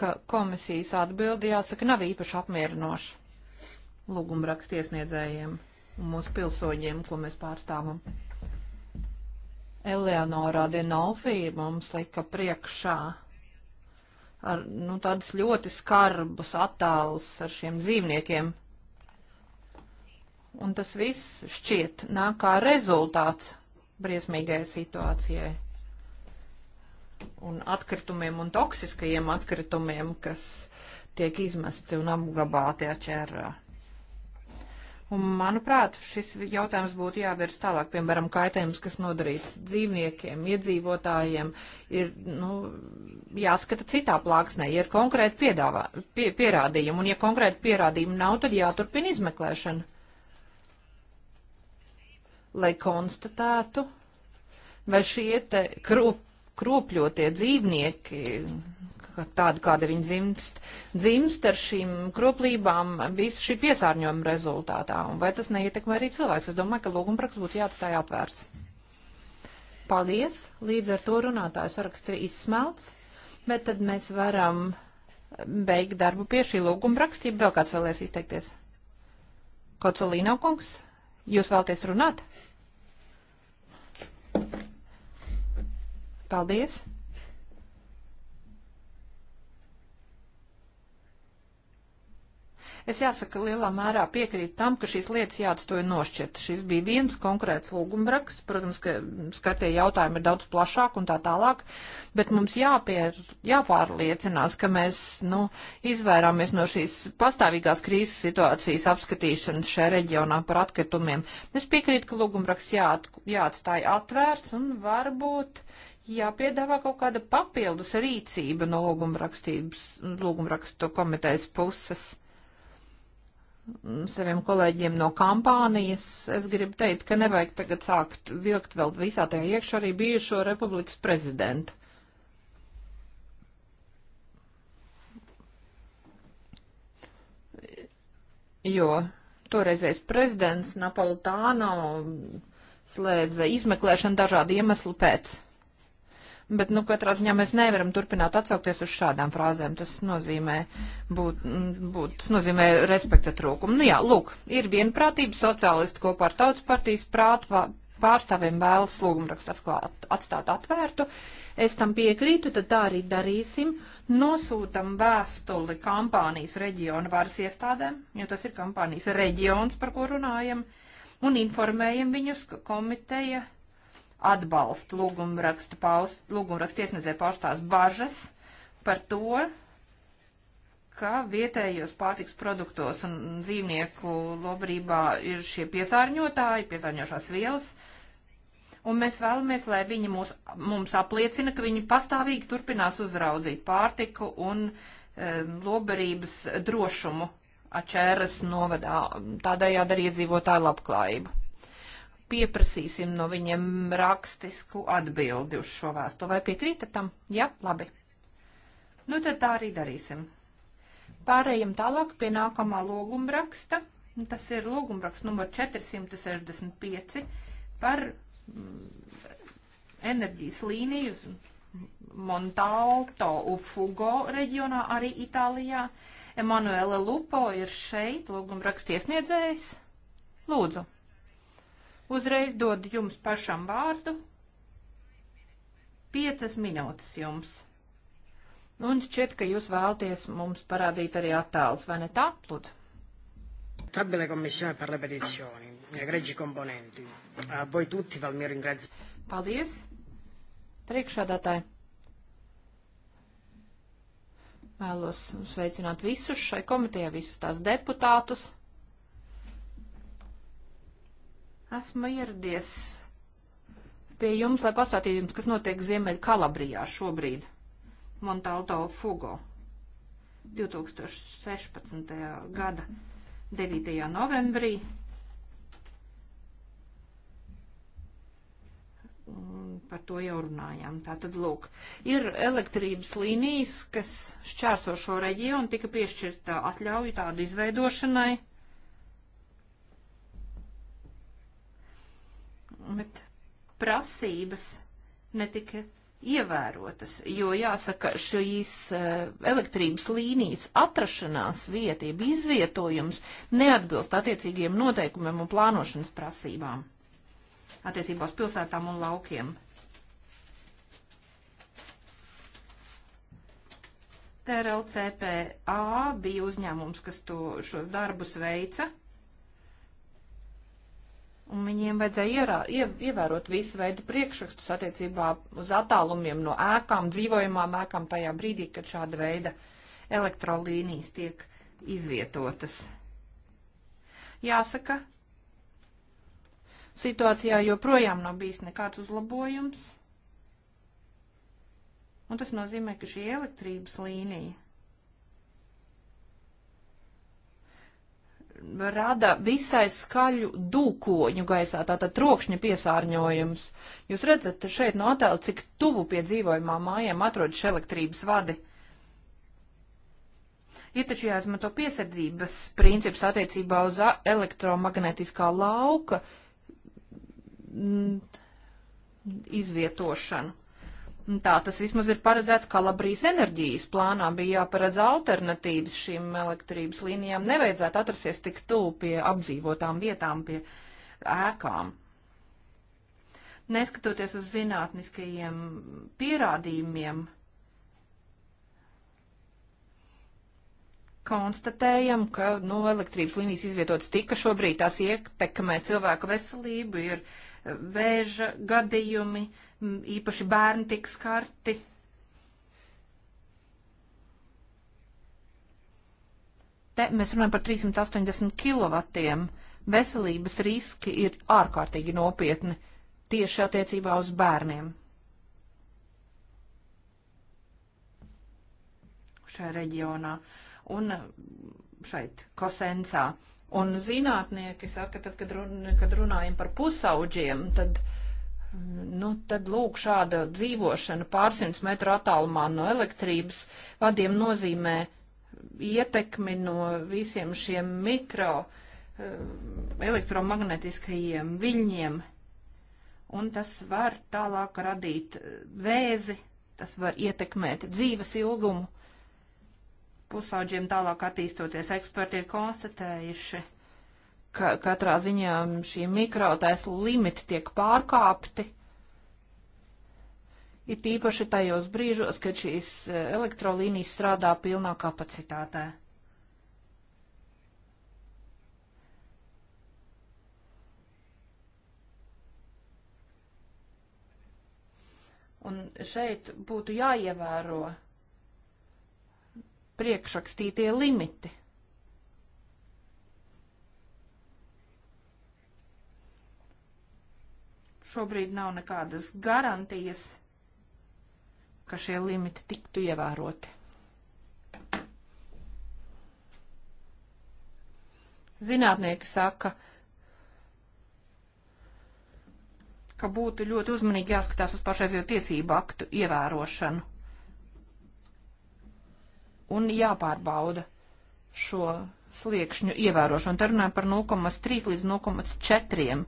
ka komisijas atbildi jāsaka nav īpaši apmierinoša lūgumrakstu iesniedzējiem un mūsu pilsoņiem, ko mēs pārstāvam. Eleonora Dinolfī mums lika priekšā ar nu, tādus ļoti skarbus attēlus ar šiem dzīvniekiem. Un tas viss šķiet nāk kā rezultāts briesmīgai situācijai un atkritumiem un toksiskajiem atkritumiem, kas tiek izmesti un apgabāti ačērā. Un, manuprāt, šis jautājums būtu jāvirs tālāk, piemēram, kaitējums, kas nodarīts dzīvniekiem, iedzīvotājiem, ir, nu, jāskata citā plāksnē, ja ir konkrēti piedāvā, pie, pierādījumi, un ja konkrēti pierādījumi nav, tad jāturpina izmeklēšana lai konstatētu, vai šie te krūp, kropļotie dzīvnieki, tādi kādi viņi dzimst, dzimst ar šīm kroplībām visu šī piesārņojuma rezultātā, un vai tas neietekmē arī cilvēks. Es domāju, ka lūgumpraks būtu jāatstāj atvērts. Paldies, līdz ar to runātājs saraksts ir izsmelts, bet tad mēs varam beigt darbu pie šī lūgumprakstība. Vēl kāds vēlēs izteikties? Kocolīna kungs? Jūs vēlties runāt? Paldies! Es jāsaka, lielā mērā piekrītu tam, ka šīs lietas jāatstoja nošķirt. Šis bija viens konkrēts lūgumraksts, protams, ka skatie jautājumi ir daudz plašāk un tā tālāk, bet mums jāpier, jāpārliecinās, ka mēs, nu, izvairāmies no šīs pastāvīgās krīzes situācijas apskatīšanas šajā reģionā par atkritumiem. Es piekrītu, ka lūgumraksts jā, jāatstāja atvērts un varbūt jāpiedāvā kaut kāda papildus rīcība no lūgumrakstu komitejas puses saviem kolēģiem no kampānijas, es gribu teikt, ka nevajag tagad sākt vilkt vēl visā tajā iekšā arī bijušo republikas prezidentu. Jo toreizējais prezidents Napolitāno slēdza izmeklēšanu dažādu iemeslu pēc. Bet, nu, katrā ziņā mēs nevaram turpināt atsaukties uz šādām frāzēm. Tas nozīmē, būt, būt, tas nozīmē respekta trūkumu. Nu jā, lūk, ir vienprātība sociālisti kopā ar tautas partijas prātvā, pārstāvjiem vēlas lūgumrakstu atstāt atvērtu. Es tam piekrītu, tad tā arī darīsim. Nosūtam vēstuli kampānijas reģiona varas iestādēm, jo tas ir kampānijas reģions, par ko runājam, un informējam viņus, ka komiteja atbalsta lūgumrakstu, paust, lūgumrakstu iesniedzē paustās bažas par to, ka vietējos pārtiks produktos un dzīvnieku lobrībā ir šie piesārņotāji, piesārņošās vielas, un mēs vēlamies, lai viņi mūs, mums apliecina, ka viņi pastāvīgi turpinās uzraudzīt pārtiku un e, lobarības drošumu Ačēras novadā, tādējādi arī iedzīvotāju labklājību pieprasīsim no viņiem rakstisku atbildi uz šo vēstu. Vai piekrīta tam? Ja, labi. Nu, tad tā arī darīsim. Pārējiem tālāk pie nākamā logumraksta. Tas ir lūgumraksts numur 465 par mm, enerģijas līnijas Montalto Ufugo reģionā, arī Itālijā. Emanuele Lupo ir šeit, lūgumraksts iesniedzējs. Lūdzu! Uzreiz dod jums pašam vārdu. Piecas minūtes jums. Nu, un šķiet, ka jūs vēlties mums parādīt arī attēls, vai ne tā, lūdzu? Stabile commissione per le petizioni, egregi componenti, a voi tutti val mio ringraziamento. Paldies, priekšādātāji. Vēlos sveicināt visus šai komitejā, visus tās deputātus. Esmu ieradies pie jums, lai pastāstītu jums, kas notiek Ziemeļa Kalabrijā šobrīd, Montalto Fugo, 2016. gada 9. novembrī. par to jau runājām. Tātad, lūk, ir elektrības līnijas, kas šķērso šo reģionu, tika piešķirta atļauja tādu izveidošanai. bet prasības netika ievērotas, jo jāsaka, šīs eh, elektrības līnijas atrašanās vietība, izvietojums neatbilst attiecīgiem noteikumiem un plānošanas prasībām attiecībā uz pilsētām un laukiem. TRLCPA bija uzņēmums, kas to, šos darbus veica Un viņiem vajadzēja ierā, ie, ievērot visu veidu priekšrakstus attiecībā uz attālumiem no ēkām, dzīvojamām ēkām tajā brīdī, kad šāda veida elektrolīnijas tiek izvietotas. Jāsaka, situācijā joprojām nav bijis nekāds uzlabojums. Un tas nozīmē, ka šī elektrības līnija rada visai skaļu dūkoņu gaisā, tātad trokšņa piesārņojums. Jūs redzat šeit no attēla, cik tuvu pie dzīvojumā mājām atrodas elektrības vadi. Ir taču jāizmanto piesardzības princips attiecībā uz elektromagnetiskā lauka mm, izvietošanu. Tā tas vismaz ir paredzēts Kalabrijas enerģijas plānā, bija jāparedz alternatīvas šīm elektrības līnijām, nevajadzētu atrasties tik tuvu pie apdzīvotām vietām, pie ēkām. Neskatoties uz zinātniskajiem pierādījumiem, konstatējam, ka nu, elektrības līnijas izvietotas tika šobrīd, tās ietekmē cilvēku veselību, ir e, vēža gadījumi, uh, Mm, īpaši bērni tiks skarti. Te mēs runājam par 380 kilovatiem. Veselības riski ir ārkārtīgi nopietni tieši attiecībā uz bērniem. Šajā reģionā un mm, šeit Kosensā. Un zinātnieki saka, tad, kad, run, kad runājam par pusauģiem, tad uh, Nu, tad lūk, šāda dzīvošana pārsimts metru attālumā no elektrības vadiem nozīmē ietekmi no visiem šiem mikro eh, elektromagnetiskajiem viļņiem, un tas var tālāk radīt eh, vēzi, tas var ietekmēt dzīves ilgumu. Pusauģiem tālāk attīstoties eksperti ir konstatējuši, ka katrā ziņā šie mikrotēslu limiti tiek pārkāpti. Ir tīpaši tajos brīžos, kad šīs e, elektrolīnijas strādā pilnā kapacitātē. Un šeit būtu jāievēro priekšrakstītie limiti. Šobrīd nav nekādas garantijas, ka šie limiti tiktu ievēroti. Zinātnieki saka, ka būtu ļoti uzmanīgi jāskatās uz pašreizējo tiesību aktu ievērošanu un jāpārbauda šo sliekšņu ievērošanu. Te runājam par 0,3 līdz 0,4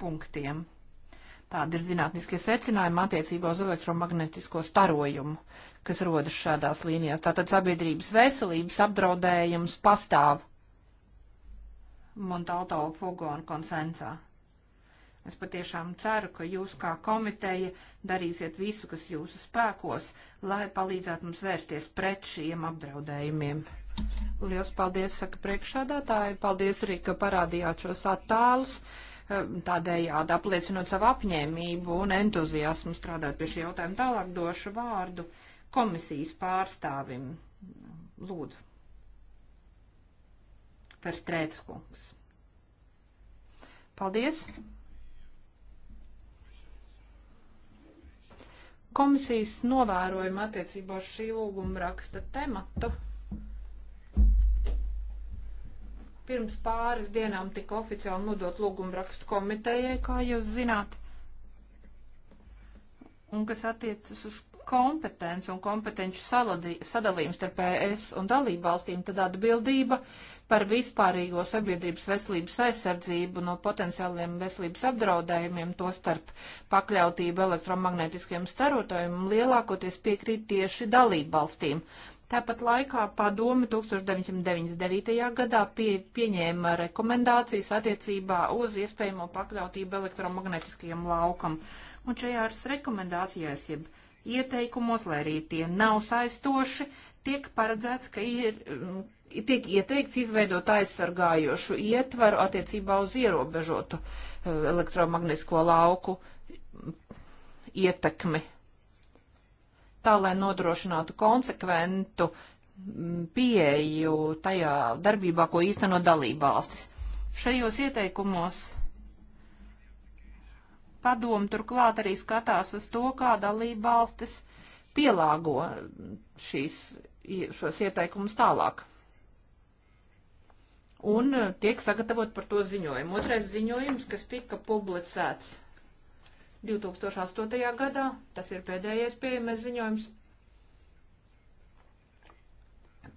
punktiem. Tādi ir zinātniskie secinājumi attiecībā uz elektromagnetisko starojumu, kas rodas šādās līnijās. Tātad sabiedrības veselības apdraudējums pastāv Montalto Fogona konsensā. Es patiešām ceru, ka jūs kā komiteja darīsiet visu, kas jūsu spēkos, lai palīdzētu mums vērsties pret šiem apdraudējumiem. Lielas paldies, saka priekšādātāji. Paldies arī, ka parādījāt šos attēlus. Ehm, tādējādi apliecinot savu apņēmību un entuziasmu strādāt pie šī jautājuma. Tālāk došu vārdu komisijas pārstāvim. Lūdzu. Verstrētas kungs. Paldies. Komisijas novērojuma attiecībā uz šī lūguma raksta tematu Pirms pāris dienām tika oficiāli nodot lūgumu rakstu komitejai, kā jūs zināt, un kas attiecas uz kompetenci un kompetenci sadalījums starp ES un dalību valstīm, tad atbildība par vispārīgo sabiedrības veselības aizsardzību no potenciāliem veselības apdraudējumiem, to starp pakļautību elektromagnetiskiem starotājiem, lielākoties piekrīt tieši dalību valstīm. Tāpat laikā padome 1999. gadā pie, pieņēma rekomendācijas attiecībā uz iespējamo pakļautību elektromagnetiskajam laukam. Un šajās rekomendācijās, jeb ieteikumos, lai arī tie nav saistoši, tiek paredzēts, ka ir, mm, tiek ieteikts izveidot aizsargājošu ietvaru attiecībā uz ierobežotu eh, elektromagnetisko lauku mm, ietekmi tā lai nodrošinātu konsekventu mm, pieeju tajā darbībā, ko īsteno dalībvalstis. Šajos ieteikumos padomu turklāt arī skatās uz to, kā dalībvalstis pielāgo šīs, šos ieteikumus tālāk. Un tiek sagatavot par to ziņojumu. Otrais ziņojums, kas tika publicēts 2008. gadā, tas ir pēdējais pieejamais ziņojums,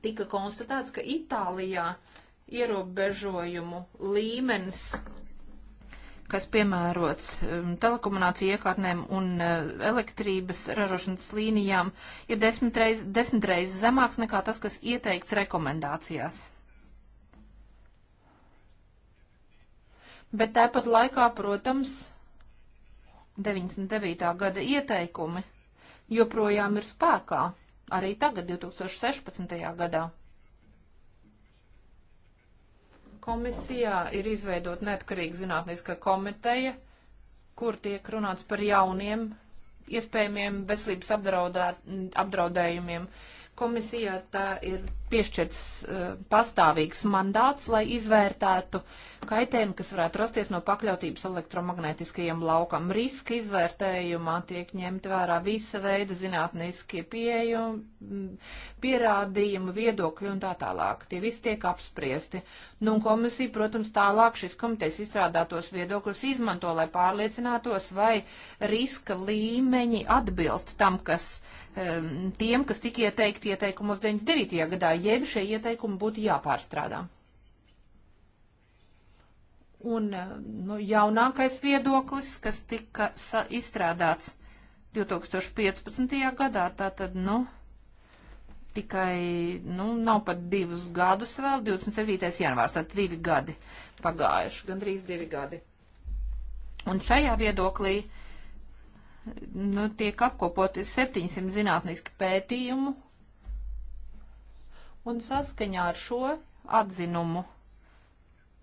tika konstatēts, ka Itālijā ierobežojumu līmenis, kas piemērots um, telekomunāciju iekārtnēm un uh, elektrības ražošanas līnijām, ir desmitreiz, desmitreiz zemāks nekā tas, kas ieteikts rekomendācijās. Bet tāpat laikā, protams, 99. gada ieteikumi joprojām ir spēkā, arī tagad, 2016. gadā. Komisijā ir izveidot neatkarīga zinātniska komiteja, kur tiek runāts par jauniem iespējamiem veselības apdraudējumiem. Komisijā tā ir piešķirts uh, pastāvīgs mandāts, lai izvērtētu kaitējumu, kas varētu rasties no pakļautības elektromagnētiskajiem laukam. Riska izvērtējumā tiek ņemti vērā visa veida zinātniskie pieejumi, pierādījumi, viedokļi un tā tālāk. Tie visi tiek apspriesti. Nu, un komisija, protams, tālāk šis komitejas izstrādātos viedokļus izmanto, lai pārliecinātos, vai riska līmeņi atbilst tam, kas tiem, kas tika ieteikti ieteikumos 99. gadā jeb šie ieteikumi būtu jāpārstrādā. Un eh, nu, jaunākais viedoklis, kas tika izstrādāts 2015. gadā, tātad, nu, tikai, nu, nav pat divus gadus vēl, 27. janvārs, tātad divi gadi pagājuši, gandrīz divi gadi. Un šajā viedoklī nu, tiek apkopoti 700 zinātniski pētījumu, Un saskaņā ar šo atzinumu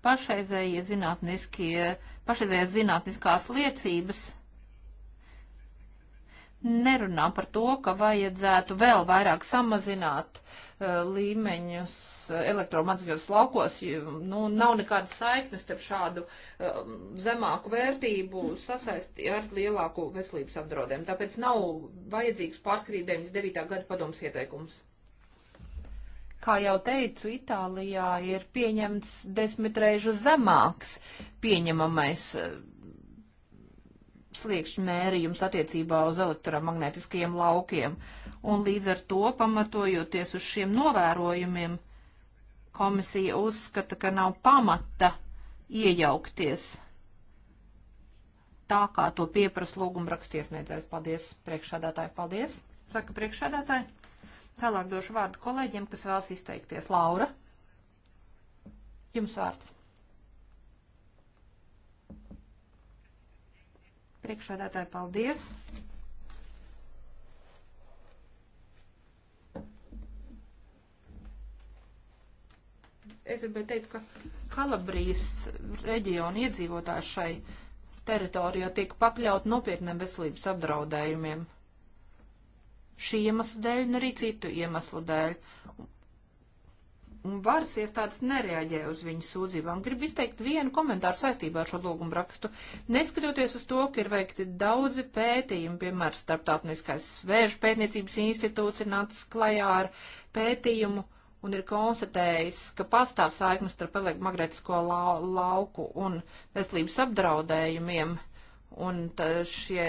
pašreizējie zinātniskie, pašreizējās zinātniskās liecības nerunā par to, ka vajadzētu vēl vairāk samazināt uh, līmeņus uh, elektromagnētiskos laukos. Nu, nav nekādas saiknes ar šādu uh, zemāku vērtību sasaisti ar lielāku veselības apdraudēm. Tāpēc nav vajadzīgs pārskrīt 99. gada padoms ieteikums. Kā jau teicu, Itālijā ir pieņemts desmitreizu zemāks pieņemamais eh, sliekšņu mērījums attiecībā uz elektromagnētiskajiem laukiem. Un līdz ar to, pamatojoties uz šiem novērojumiem, komisija uzskata, ka nav pamata iejaukties tā, kā to pieprasa lūguma rakstiesniedzējs. Paldies, priekšsādātāji, paldies. Saka priekšsādātāji. Tālāk došu vārdu kolēģiem, kas vēlas izteikties. Laura, jums vārds. Priekšādātāji, paldies! es gribēju teikt, ka Kalabrijas reģiona iedzīvotāji šai teritorijā tiek pakļaut nopietniem veselības apdraudējumiem šī iemesla dēļ un arī citu iemeslu dēļ. Un varas iestādes nereaģē uz viņu sūdzībām. Gribu izteikt vienu komentāru saistībā ar šo lūgumu rakstu. Neskatoties uz to, ka ir veikti daudzi pētījumi, piemēram, starptautiskais svēžu pētniecības institūts ir nācis klajā ar pētījumu un ir konstatējis, ka pastāv saiknes starp elektromagnētisko lau lauku un veselības apdraudējumiem. Uh, Un šie,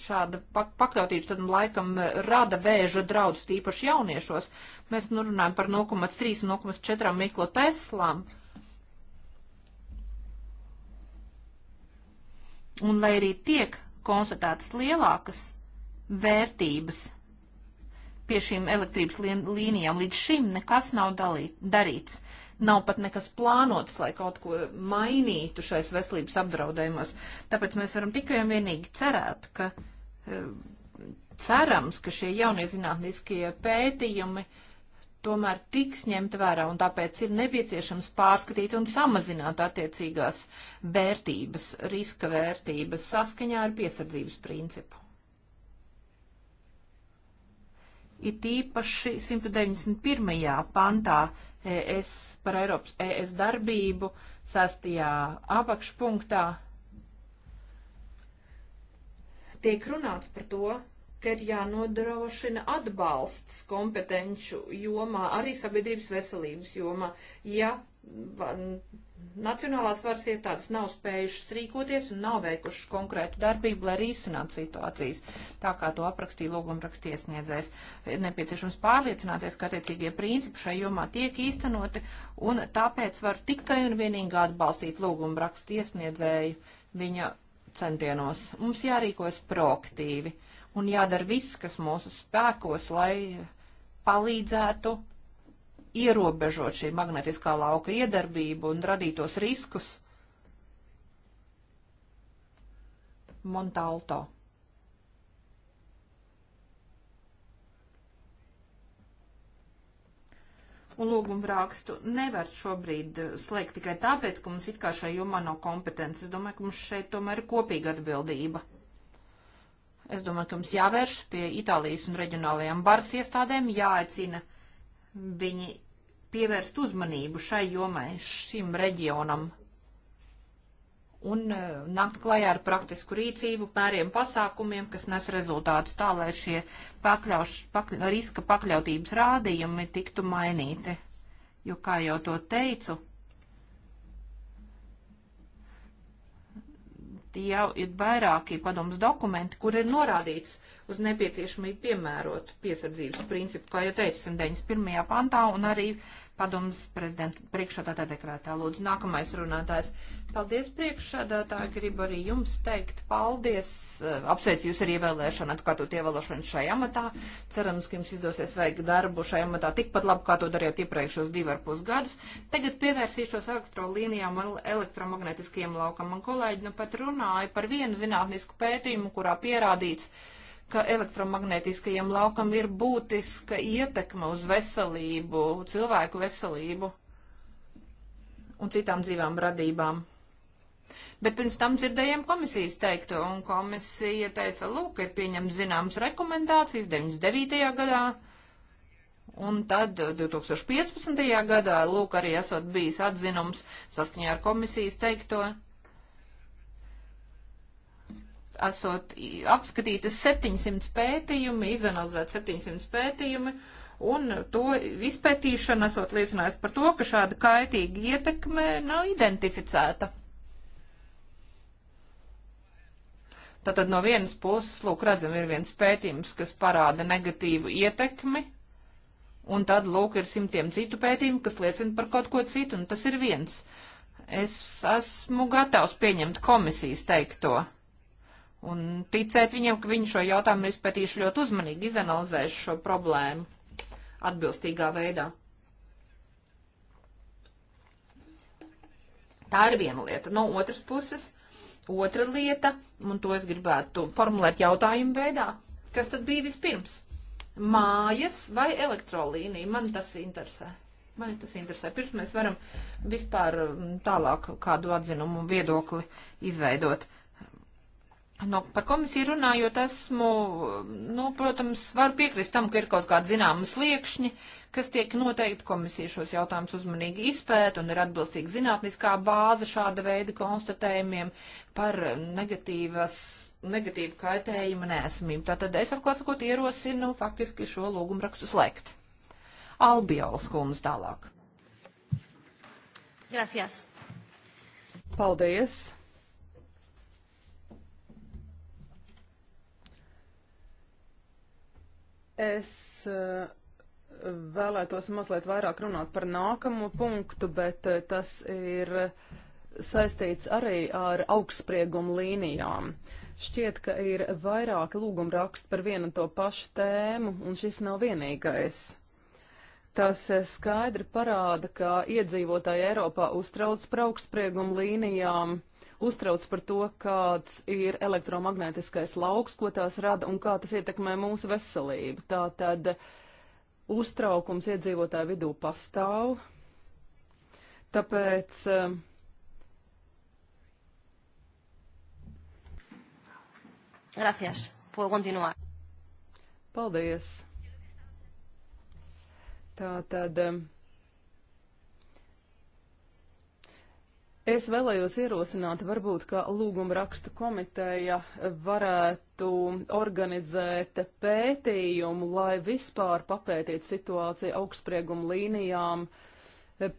šāda pakļautība tad laikam rada vēža draudus tīpaši jauniešos. Mēs nu runājam par 0,3 un 0,4 miklo teslām. Un lai arī tiek konstatētas lielākas vērtības pie šīm elektrības līnijām, līdz šim nekas nav dalīt, darīts. Uh, nav pat nekas plānots, lai kaut ko mainītu šais veselības apdraudējumos. Tāpēc mēs varam tikai un vienīgi cerēt, ka eh, cerams, ka šie jaunie zinātniskie pētījumi tomēr tiks ņemt vērā, un tāpēc ir nepieciešams pārskatīt un samazināt attiecīgās vērtības, riska vērtības saskaņā ar piesardzības principu. It īpaši 191. pantā ES par Eiropas ES darbību, 6. apakšpunktā, tiek runāts par to, ka ir jānodrošina atbalsts kompetenču jomā, arī sabiedrības veselības jomā, ja Nacionālās varas iestādes nav spējušas rīkoties un nav veikušas konkrētu darbību, lai risinātu situācijas. Tā kā to aprakstīja logumrakstiesniedzējs, ir nepieciešams pārliecināties, ka attiecīgie principi šai jomā tiek īstenoti, un tāpēc var tikai un vienīgi atbalstīt logumrakstiesniedzēju viņa centienos. Mums jārīkojas proaktīvi un jādara viss, kas mūsu spēkos, lai palīdzētu ierobežot šī magnetiskā lauka iedarbību un radītos riskus. Montalto. Un lūgumu rakstu nevar šobrīd eh, slēgt tikai tāpēc, ka mums it kā šai jomā nav kompetences. Es domāju, ka mums šeit tomēr ir kopīga atbildība. Es domāju, ka mums jāvēršas pie Itālijas un reģionālajām varas iestādēm, jāaicina viņi pievērst uzmanību šai jomai, šim reģionam un e, nākt klajā ar praktisku rīcību, pēriem pasākumiem, kas nes rezultātus tā, lai šie pakļauš, pak, riska pakļautības rādījumi tiktu mainīti. Jo, kā jau to teicu, jau ir vairāki padomus dokumenti, kur ir norādīts uz nepieciešamību piemērot piesardzības principu, kā jau teicu, 191. pantā un arī padomas prezidenta priekšādātā dekrētā. Lūdzu, nākamais runātājs. Paldies priekšādātāji, gribu arī jums teikt paldies. Eh, apsveicu jūs ar ievēlēšanu, atkārtot ievēlēšanu šajā amatā. Cerams, ka jums izdosies veikt darbu šajā amatā tikpat labi, kā to darījāt iepriekšos divi ar pus gadus. Tagad pievērsīšos elektrolīnijām un elektromagnetiskajiem laukam. Man kolēģi nu pat runāja par vienu zinātnisku pētījumu, kurā pierādīts, ka elektromagnētiskajam laukam ir būtiska ietekme uz veselību, cilvēku veselību un citām dzīvām radībām. Bet pirms tam dzirdējām komisijas teikto, un komisija teica, lūk, ir pieņemts zināmas rekomendācijas 99. gadā, un tad 2015. gadā, lūk, arī esot bijis atzinums saskaņā ar komisijas teikto, esot apskatītas 700 pētījumi, izanalizēt 700 pētījumi, un to izpētīšana esot liecinājis par to, ka šāda kaitīga ietekme nav identificēta. Tātad no vienas puses, lūk, redzam, ir viens pētījums, kas parāda negatīvu ietekmi, un tad, lūk, ir simtiem citu pētījumu, kas liecina par kaut ko citu, un tas ir viens. Es esmu gatavs pieņemt komisijas teikto un ticēt viņiem, ka viņi šo jautājumu ir izpētījuši ļoti uzmanīgi, izanalizējuši šo problēmu atbilstīgā veidā. Tā ir viena lieta. No otras puses, otra lieta, un to es gribētu formulēt jautājumu veidā, kas tad bija vispirms? Mājas vai elektrolīnija? Man tas interesē. Man tas interesē. Pirms mēs varam vispār mm, tālāk kādu atzinumu un viedokli izveidot. Uh, Nu, par komisiju runājot, esmu, nu, protams, varu piekrist tam, ka ir kaut kādi zināmi sliekšņi, kas tiek noteikti komisija šos jautājumus uzmanīgi izpēt un ir atbilstīga zinātniskā bāze šāda veida konstatējumiem par negatīvas, negatīvu kaitējumu nēsamību. Tātad es atklāt sakot ierosinu faktiski šo lūgumrakstu slēgt. Albiols kundze tālāk. Gracias. Paldies. Es eh, vēlētos mazliet vairāk runāt par nākamo punktu, bet eh, tas ir saistīts arī ar augstsprieguma līnijām. Šķiet, ka ir vairāki lūguma raksti par vienu un to pašu tēmu, un šis nav vienīgais. Tas eh, skaidri parāda, ka iedzīvotāji Eiropā uztrauc par augstsprieguma līnijām uztrauc par to, kāds ir elektromagnētiskais lauks, ko tās rada un kā tas ietekmē mūsu veselību. Tā tad uztraukums iedzīvotāju vidū pastāv. Tāpēc. Um, Gracias. Puedo continuar. Paldies. Tā tad. Um, Es vēlējos ierosināt, varbūt, ka lūguma rakstu komiteja varētu organizēt pētījumu, lai vispār papētītu situāciju augstsprieguma līnijām,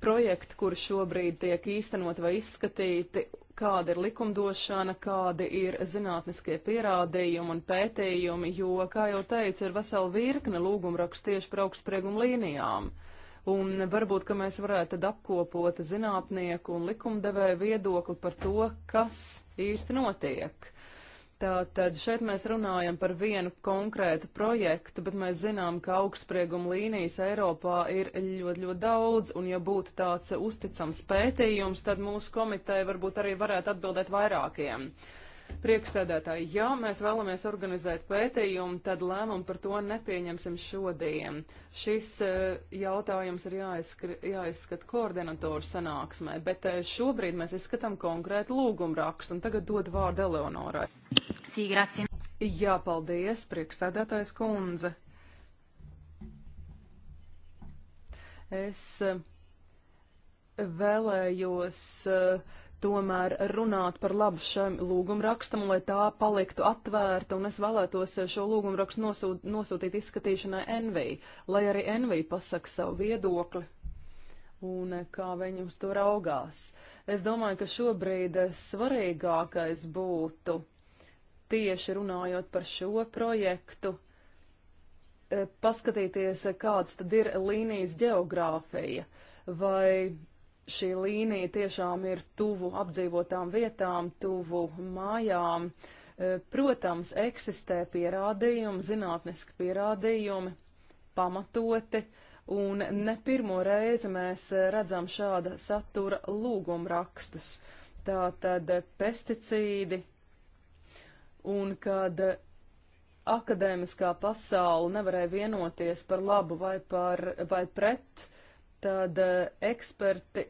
projekti, kur šobrīd tiek īstenot vai izskatīti, kāda ir likumdošana, kādi ir zinātniskie pierādījumi un pētījumi, jo, kā jau teicu, ir vesela virkne lūguma rakstu tieši par augstsprieguma līnijām. Uh, Un varbūt, ka mēs varētu tad apkopot zinātnieku un likumdevēju viedokli par to, kas īsti notiek. Tātad šeit mēs runājam par vienu konkrētu projektu, bet mēs zinām, ka augstsprieguma līnijas Eiropā ir ļoti, ļoti daudz, un ja būtu tāds uzticams pētījums, tad mūsu komiteja varbūt arī varētu atbildēt vairākiem. Uh, Priekšsēdētāji, ja mēs vēlamies organizēt pētījumu, tad lēmumu par to nepieņemsim šodien. Šis eh, jautājums ir jāizskata koordinatoru sanāksmē, bet eh, šobrīd mēs izskatām konkrētu lūgumu rakstu, un tagad dod vārdu Eleonorai. Sī, grazie. Jā, paldies, priekšsēdētājs kundze. Es eh, vēlējos uh, tomēr runāt par labu šiem lūgumrakstam, lai tā paliktu atvērta, un es vēlētos šo lūgumrakstu nosūt, nosūtīt izskatīšanai NV, lai arī NV pasaka savu viedokli un kā viņi uz to raugās. Es domāju, ka šobrīd svarīgākais būtu tieši runājot par šo projektu, e, paskatīties, kāds tad ir līnijas geogrāfija, vai šī līnija tiešām ir tuvu apdzīvotām vietām, tuvu mājām. E, protams, eksistē pierādījumi, zinātniski pierādījumi, pamatoti, un ne pirmo reizi mēs redzam šāda satura lūgumrakstus. Tātad pesticīdi, un kad akadēmiskā pasaule nevarēja vienoties par labu vai, par, vai pret, tad e, eksperti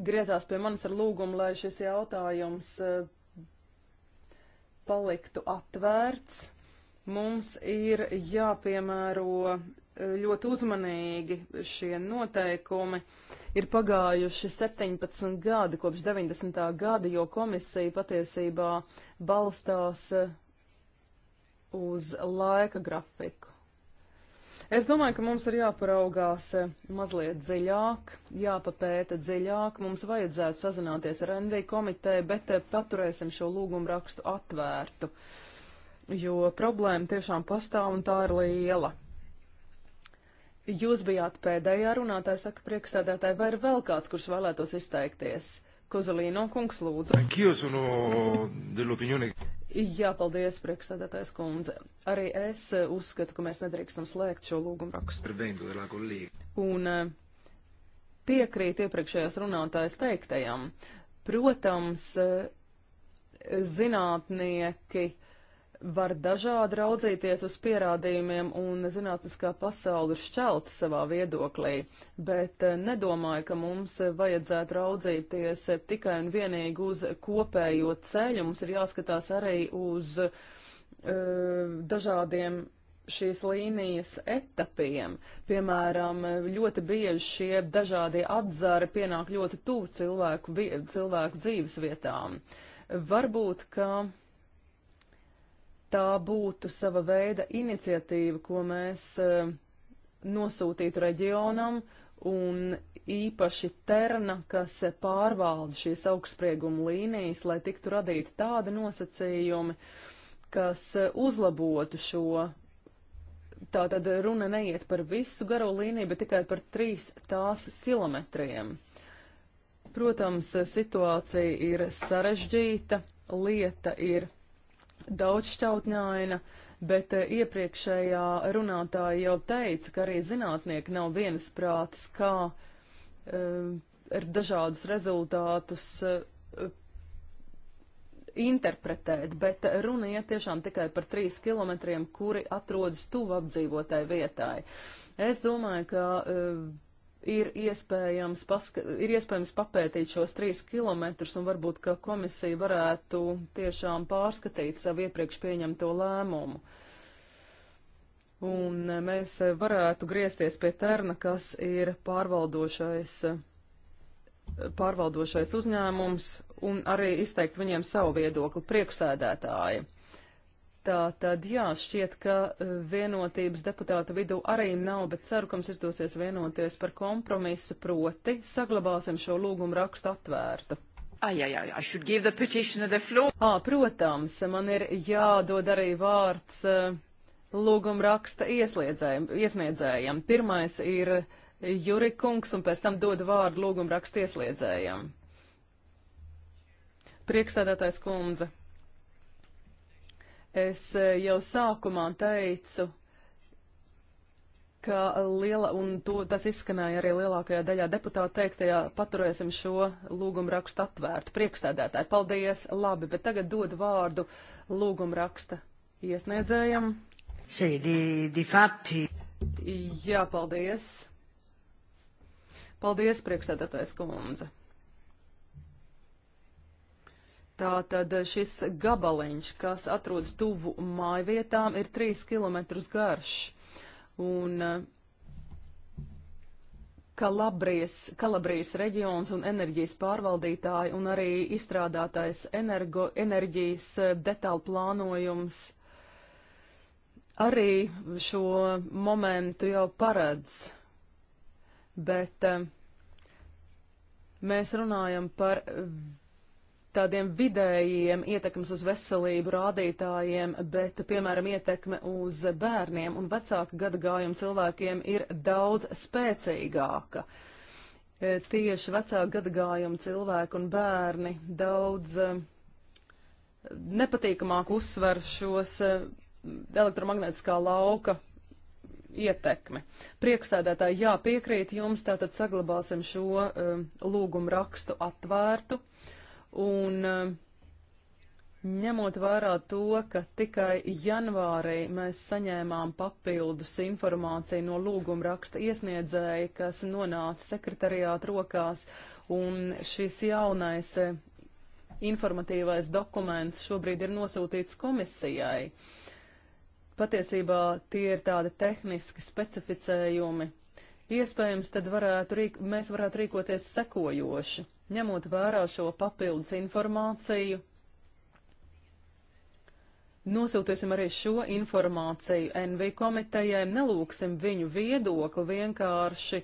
griezās pie manis ar lūgumu, lai šis jautājums eh, paliktu atvērts. Mums ir jāpiemēro eh, ļoti uzmanīgi šie noteikumi. Ir pagājuši 17 gadi kopš 90. gada, jo komisija patiesībā balstās eh, uz laika grafiku. Es domāju, ka mums ir jāparaugās eh, mazliet dziļāk, jāpapēta dziļāk. Mums vajadzētu sazināties ar NV komiteju, bet eh, paturēsim šo lūgumu rakstu atvērtu, jo problēma tiešām pastāv un tā ir liela. Jūs bijāt pēdējā runātāja, saka priekšsēdētāja, vai ir vēl kāds, kurš vēlētos izteikties? Kozolīno kungs, lūdzu. Jā, paldies, priekšsēdētājs kundze. Arī es eh, uzskatu, ka mēs nedrīkstam slēgt šo lūgumu rakstu. Un eh, piekrīt iepriekšējās runātājas teiktajam. Protams, eh, zinātnieki var dažādi raudzīties uz pierādījumiem, un zinātniskā pasaule ir šķelta savā viedoklī, bet eh, nedomāju, ka mums vajadzētu raudzīties tikai un vienīgi uz kopējo ceļu. Mums ir jāskatās arī uz uh, dažādiem šīs līnijas etapiem. Piemēram, ļoti bieži šie dažādie atzari pienāk ļoti tuvu cilvēku, cilvēku dzīves vietām. Varbūt, ka tā būtu sava veida iniciatīva, ko mēs uh, nosūtītu reģionam un īpaši Terna, kas pārvalda šīs augstsprieguma līnijas, lai tiktu radīti tādi nosacījumi, kas eh, uzlabotu šo. Tā tad runa neiet par visu garo līniju, bet tikai par trīs tās kilometriem. Protams, situācija ir sarežģīta, lieta ir daudzšķautņaina, bet eh, iepriekšējā runātāja jau teica, ka arī zinātnieki nav vienasprātis, kā eh, ar dažādus rezultātus eh, interpretēt, bet runa iet tiešām tikai par trīs kilometriem, kuri atrodas tuvu apdzīvotai vietai. Es domāju, ka uh, ir iespējams, paska, ir iespējams papētīt šos trīs kilometrus un varbūt, ka komisija varētu tiešām pārskatīt savu iepriekš pieņemto lēmumu. Un eh, mēs varētu griezties pie Terna, kas ir pārvaldošais, pārvaldošais uzņēmums, un arī izteikt viņiem savu viedokli priekšsēdētāji. Tā tad, jā, šķiet, ka e, vienotības deputātu vidū arī nav, bet ceru, ka mums izdosies vienoties par kompromisu, proti saglabāsim šo lūgumu rakstu atvērtu. Ai, ai, ai, I should give the petitioner the floor. Ā, protams, man ir jādod arī vārds e, lūgumu raksta iesniedzējiem. Pirmais ir Jurikungs un pēc tam dod vārdu lūgumu raksta iesniedzējiem. Priekšstādātais kundze. Es eh, jau sākumā teicu, ka liela, un to, tas izskanēja arī lielākajā daļā deputāta teiktajā, paturēsim šo lūgumu rakstu atvērtu. Priekšsēdētāji, paldies, labi, bet tagad dodu vārdu lūgumu raksta iesniedzējam. Sì, di, di fatti. Jā, paldies. Paldies, priekšsēdētājs kundze. Tātad šis gabaliņš, kas atrodas tuvu mājvietām, ir 3 km garš. Un eh, Kalabrijas, Kalabrijas reģions un enerģijas pārvaldītāji un arī izstrādātais energo, enerģijas eh, detālu plānojums arī šo momentu jau paredz. Bet eh, mēs runājam par tādiem vidējiem ietekmes uz veselību rādītājiem, bet, piemēram, ietekme uz bērniem un vecāku gadagājumu cilvēkiem ir daudz spēcīgāka. E, tieši vecāku gadagājumu cilvēku un bērni daudz e, nepatīkamāk uzsver šos e, elektromagnētiskā lauka ietekmi. Prieksēdētāji, jā, piekrīt jums, tātad saglabāsim šo um, lūgumu rakstu atvērtu. Uh, Un eh, ņemot vērā to, ka tikai janvārī mēs saņēmām papildus informāciju no lūguma raksta iesniedzēja, kas nonāca sekretariāta rokās, un šis jaunais eh, informatīvais dokuments šobrīd ir nosūtīts komisijai. Patiesībā tie ir tādi tehniski specificējumi. Iespējams, tad varētu rīk, mēs varētu rīkoties sekojoši ņemot vērā šo papildus informāciju, Nosūtīsim arī šo informāciju NV komitejai, nelūksim viņu viedokli, vienkārši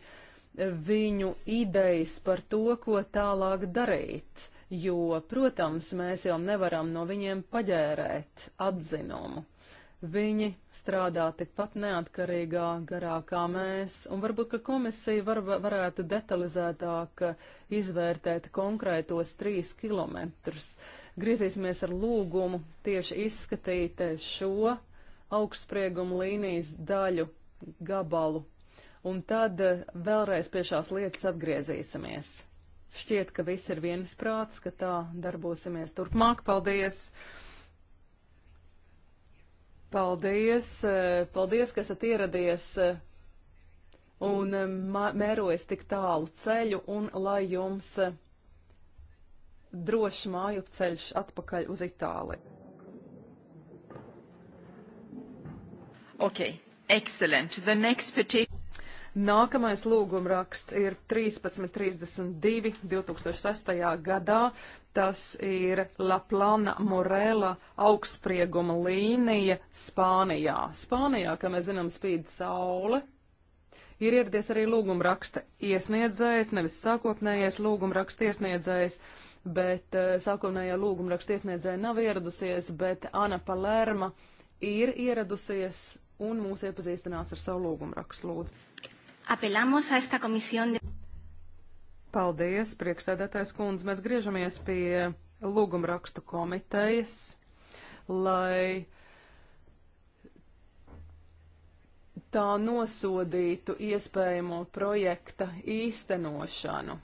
viņu idejas par to, ko tālāk darīt, jo, protams, mēs jau nevaram no viņiem paģērēt atzinumu. Viņi strādā tikpat neatkarīgā garā kā mēs, un varbūt, ka komisija var, varētu detalizētāk izvērtēt konkrētos trīs kilometrus. Griezīsimies ar lūgumu tieši izskatīt šo augstsprieguma līnijas daļu gabalu, un tad vēlreiz pie šās lietas atgriezīsimies. Šķiet, ka viss ir viensprāts, ka tā darbosimies turpmāk. Paldies! Paldies, eh, paldies, ka esat ieradies eh, un eh, mērojis tik tālu ceļu un lai jums drošs māju ceļš atpakaļ uz Itāliju. Okay, excellent. The next petition. Nākamais lūgumraksts ir 1332 2006. gadā. Tas ir Laplana Morela augstsprieguma līnija Spānijā. Spānijā, kā mēs zinām, spīd saule. Ir ieradies arī lūgumraksta iesniedzējs, nevis sākotnējais lūgumraksta iesniedzējs bet eh, sākotnējā lūguma rakstiesniedzēja nav ieradusies, bet Ana Palerma ir ieradusies un mūs iepazīstinās ar savu lūgumu rakstu lūdzu apelamos a esta comisión de. Paldies, priekšsēdētājs kundze. Mēs griežamies pie lūgumrakstu komitejas, lai tā nosodītu iespējamo projekta īstenošanu,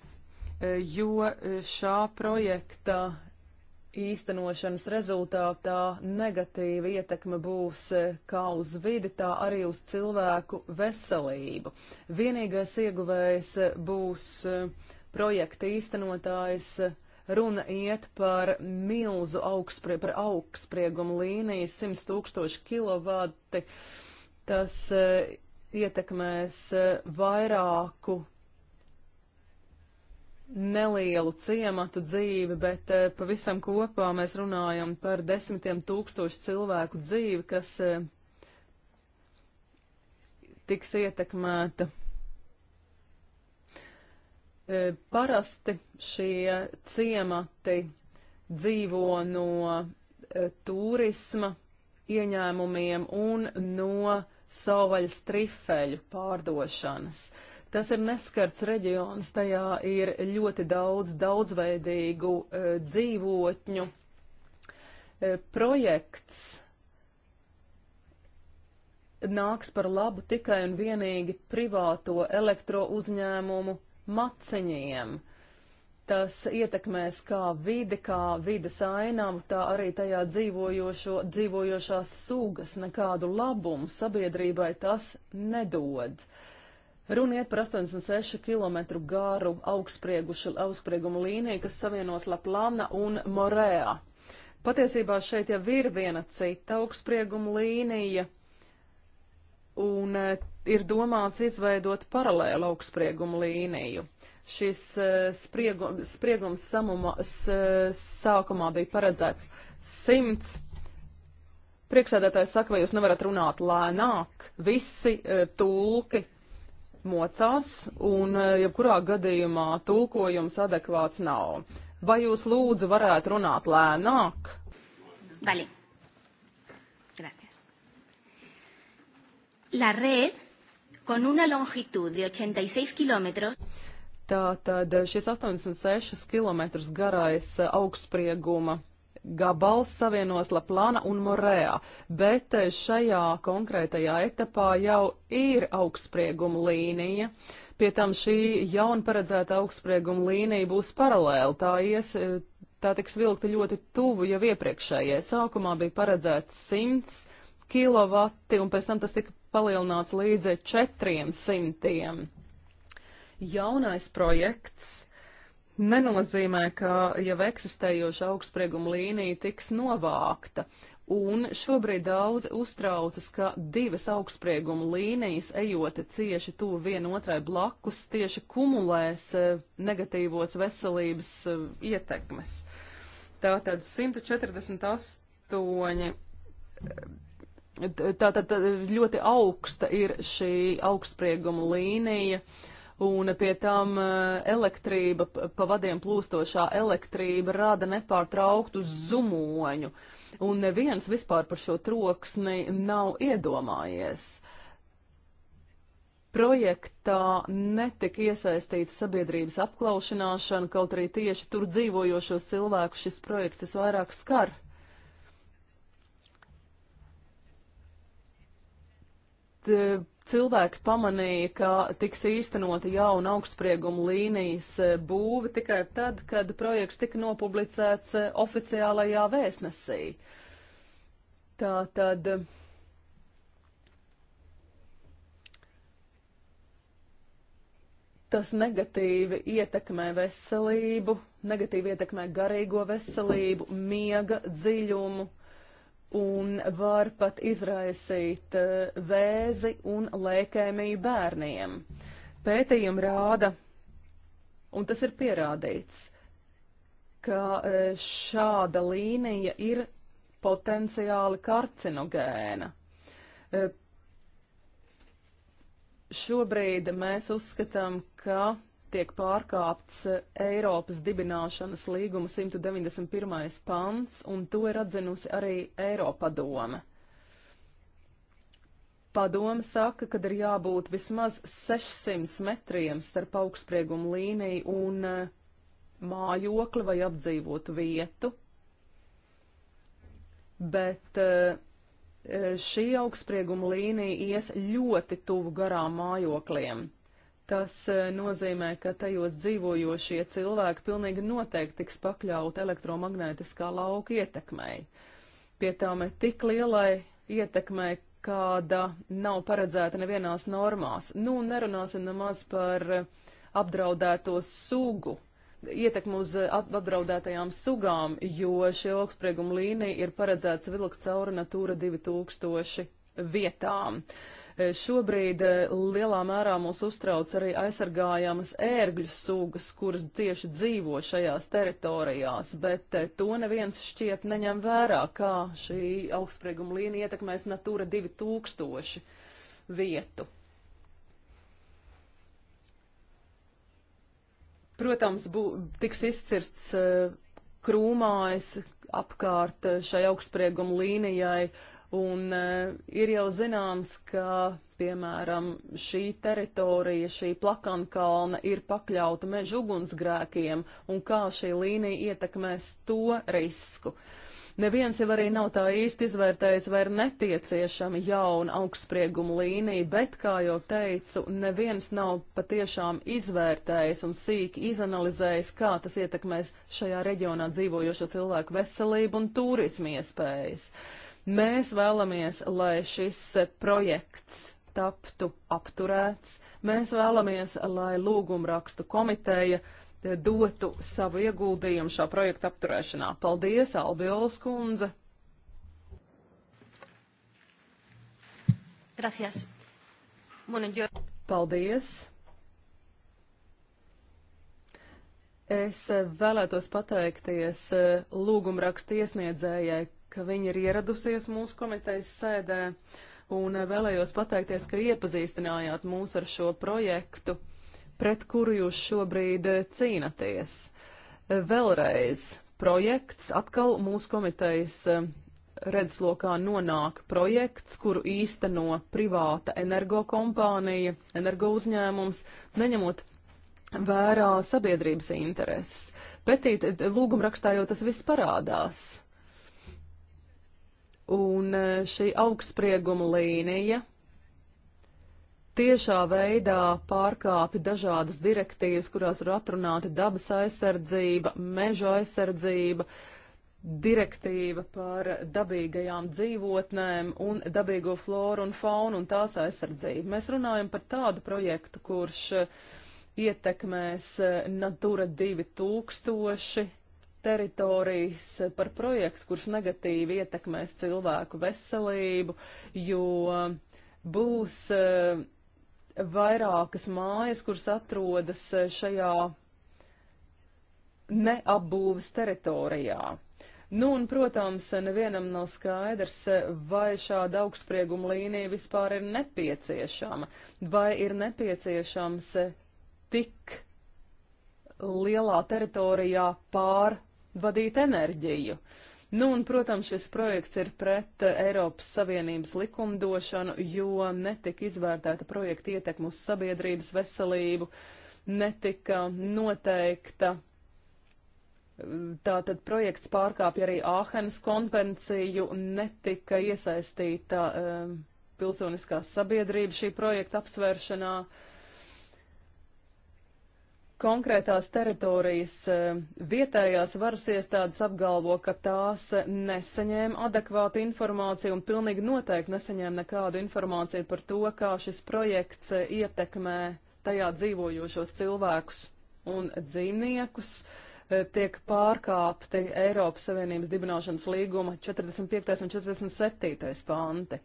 jo šā projekta īstenošanas rezultātā negatīva ietekme būs e, kā uz vidi, tā arī uz cilvēku veselību. Vienīgais ieguvējs e, būs e, projekta īstenotājs. Runa iet par milzu augstsprie, par augstspriegumu līniju 100 tūkstoši kilovati. Tas ietekmēs vairāku nelielu ciematu dzīvi, bet eh, pavisam kopā mēs runājam par desmitiem tūkstošu cilvēku dzīvi, kas eh, tiks ietekmēta. Eh, parasti šie ciemati dzīvo no eh, turisma ieņēmumiem un no savvaļas trifeļu pārdošanas. Uh, Tas ir neskarts reģions, tajā ir ļoti daudz daudzveidīgu uh, dzīvotņu. Uh, projekts nāks par labu tikai un vienīgi privāto elektrouzņēmumu maciņiem. Tas ietekmēs kā vidi, kā vides ainavu, tā arī tajā dzīvojošo, dzīvojošās sugas nekādu labumu sabiedrībai tas nedod. Uh, Runa iet par 86 km garu augstsprieguma līniju, kas savienos Laplana un Morēā. Patiesībā šeit jau ir viena cita augstsprieguma līnija, un e, ir domāts izveidot paralēlu augstsprieguma līniju. Šis e, eh, spriegum, spriegums samuma, s, eh, sākumā bija paredzēts 100 Priekšsēdētājs saka, vai jūs nevarat runāt lēnāk? Visi e, tulki mocās, un eh, jebkurā gadījumā tulkojums adekvāts nav. Vai jūs lūdzu varētu runāt lēnāk? Vale. Gracias. La red, con una longitud de 86 kilómetros. Tātad eh, šis 86 km garais eh, augstsprieguma gabals savienos La Plana un Morēā, bet eh, šajā konkrētajā etapā jau ir augstsprieguma līnija. Pie tam šī jaun paredzēta augstsprieguma līnija būs paralēli, tā ies, eh, tā tiks vilkta ļoti tuvu jau iepriekšējai. Sākumā bija paredzēts 100 kW, un pēc tam tas tika palielināts līdz 400. Eh, Jaunais projekts nenozīmē, ka jau eksistējoša augstsprieguma līnija tiks novākta. Un šobrīd daudz uztraucas, ka divas augstsprieguma līnijas, ejot cieši tuvu vienotrai blakus, tieši kumulēs e, negatīvos veselības e, ietekmes. Tātad 148. E, tātad ļoti augsta ir šī augstsprieguma līnija. Uh, un pie tam eh, elektrība, pa vadiem plūstošā elektrība rada nepārtrauktu zumoņu, un neviens vispār par šo troksni nav iedomājies. Projektā netika iesaistīta sabiedrības apklaušanāšana, kaut arī tieši tur dzīvojošos cilvēkus šis projekts visvairāk skar. E, cilvēki pamanīja, ka tiks īstenota jauna augstsprieguma līnijas e, būve tikai tad, kad projekts tika nopublicēts e, oficiālajā vēstnesī. Tā tad. Tas negatīvi ietekmē veselību, negatīvi ietekmē garīgo veselību, miega dziļumu, uh, un var pat izraisīt e, vēzi un lēkēmiju bērniem. Pētījumi rāda, un tas ir pierādīts, ka e, šāda līnija ir potenciāli karcinogēna. E, šobrīd mēs uzskatām, ka tiek pārkāpts Eiropas dibināšanas līguma 191. pants, un to ir atzinusi arī Eiropadome. Padoma saka, ka ir jābūt vismaz 600 metriem starp augstsprieguma līniju un eh, mājokli vai apdzīvotu vietu, bet eh, eh, šī augstsprieguma līnija ies ļoti tuvu garām mājokliem. Tas e, nozīmē, ka tajos dzīvojošie cilvēki pilnīgi noteikti tiks pakļauti elektromagnētiskā lauka ietekmei. Pie tām ir tik lielai ietekmei, kāda nav paredzēta nevienās normās. Nu, nerunāsim nemaz par e, apdraudēto sugu, ietekmu uz e, apdraudētajām sugām, jo šī augstsprieguma līnija ir paredzēta vilkt cauri Natūra 2000 vietām. Uh, Eh, šobrīd eh, lielā mērā mūs uztrauc arī aizsargājamas ērgļu sugas, kuras tieši dzīvo šajās teritorijās, bet eh, to neviens šķiet neņem vērā, kā šī augstsprieguma līnija ietekmēs Natura 2000 vietu. Protams, bū, tiks izcirsts krūmājs apkārt šai augstsprieguma līnijai, uh, Un uh, ir jau zināms, ka, piemēram, šī teritorija, šī plakankalna ir pakļauta meža ugunsgrēkiem un kā šī līnija ietekmēs to risku. Neviens jau arī nav tā īsti izvērtējis, vai ir netieciešama jauna augstsprieguma līnija, bet, kā jau teicu, neviens nav patiešām izvērtējis un sīki izanalizējis, kā tas ietekmēs šajā reģionā dzīvojošo cilvēku veselību un turismu iespējas. Uh, Mēs vēlamies, lai šis e, projekts taptu apturēts. Mēs vēlamies, lai lūgumrakstu komiteja e, dotu savu ieguldījumu šā projekta apturēšanā. Paldies, Albiols kundze! Gracias. Bueno, yo... Paldies! Es e, vēlētos pateikties lūgumrakstu iesniedzējai ka viņa ir ieradusies mūsu komitejas sēdē, un vēlējos pateikties, ka iepazīstinājāt mūs ar šo projektu, pret kuru jūs šobrīd cīnaties. Vēlreiz projekts, atkal mūsu komitejas eh, redzeslokā nonāk projekts, kuru īsteno privāta energokompānija, energo uzņēmums, neņemot vērā sabiedrības intereses. Petīt lūgumrakstā jau tas viss parādās. Un e, šī augstsprieguma līnija tiešā veidā pārkāpja dažādas direktīvas, kurās ir atrunāta dabas aizsardzība, meža aizsardzība, direktīva par dabīgajām dzīvotnēm un dabīgo floru un faunu un tās aizsardzību. Mēs runājam par tādu projektu, kurš ietekmēs e, Natura 2000 teritorijas par projektu, kurš negatīvi ietekmēs cilvēku veselību, jo būs eh, vairākas mājas, kuras atrodas eh, šajā neapbūves teritorijā. Nu, un, protams, nevienam nav skaidrs, eh, vai šāda augstsprieguma līnija vispār ir nepieciešama, vai ir nepieciešams tik lielā teritorijā pār vadīt enerģiju. Nu, un, protams, šis projekts ir pret eh, Eiropas Savienības likumdošanu, jo netika izvērtēta projekta ietekme uz sabiedrības veselību, netika noteikta. Eh, tātad projekts pārkāpja arī Āhenes konvenciju, netika iesaistīta um, pilsoniskās sabiedrības šī projekta apsvēršanā. Uh, konkrētās teritorijas eh, vietējās varas iestādes apgalvo, ka tās nesaņēma adekvātu informāciju un pilnīgi noteikti nesaņēma nekādu informāciju par to, kā šis projekts eh, ietekmē tajā dzīvojošos cilvēkus un dzīvniekus. Eh, tiek pārkāpti Eiropas Savienības dibināšanas līguma 45. un 47. panti.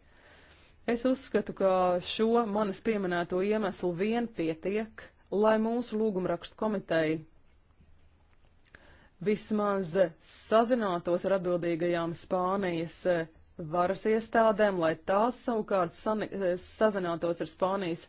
Es uzskatu, ka šo manis pieminēto iemeslu vien pietiek, lai mūsu lūgumrakstu komiteja vismaz sazinātos ar atbildīgajām Spānijas eh, varas iestādēm, lai tās savukārt eh, sazinātos ar Spānijas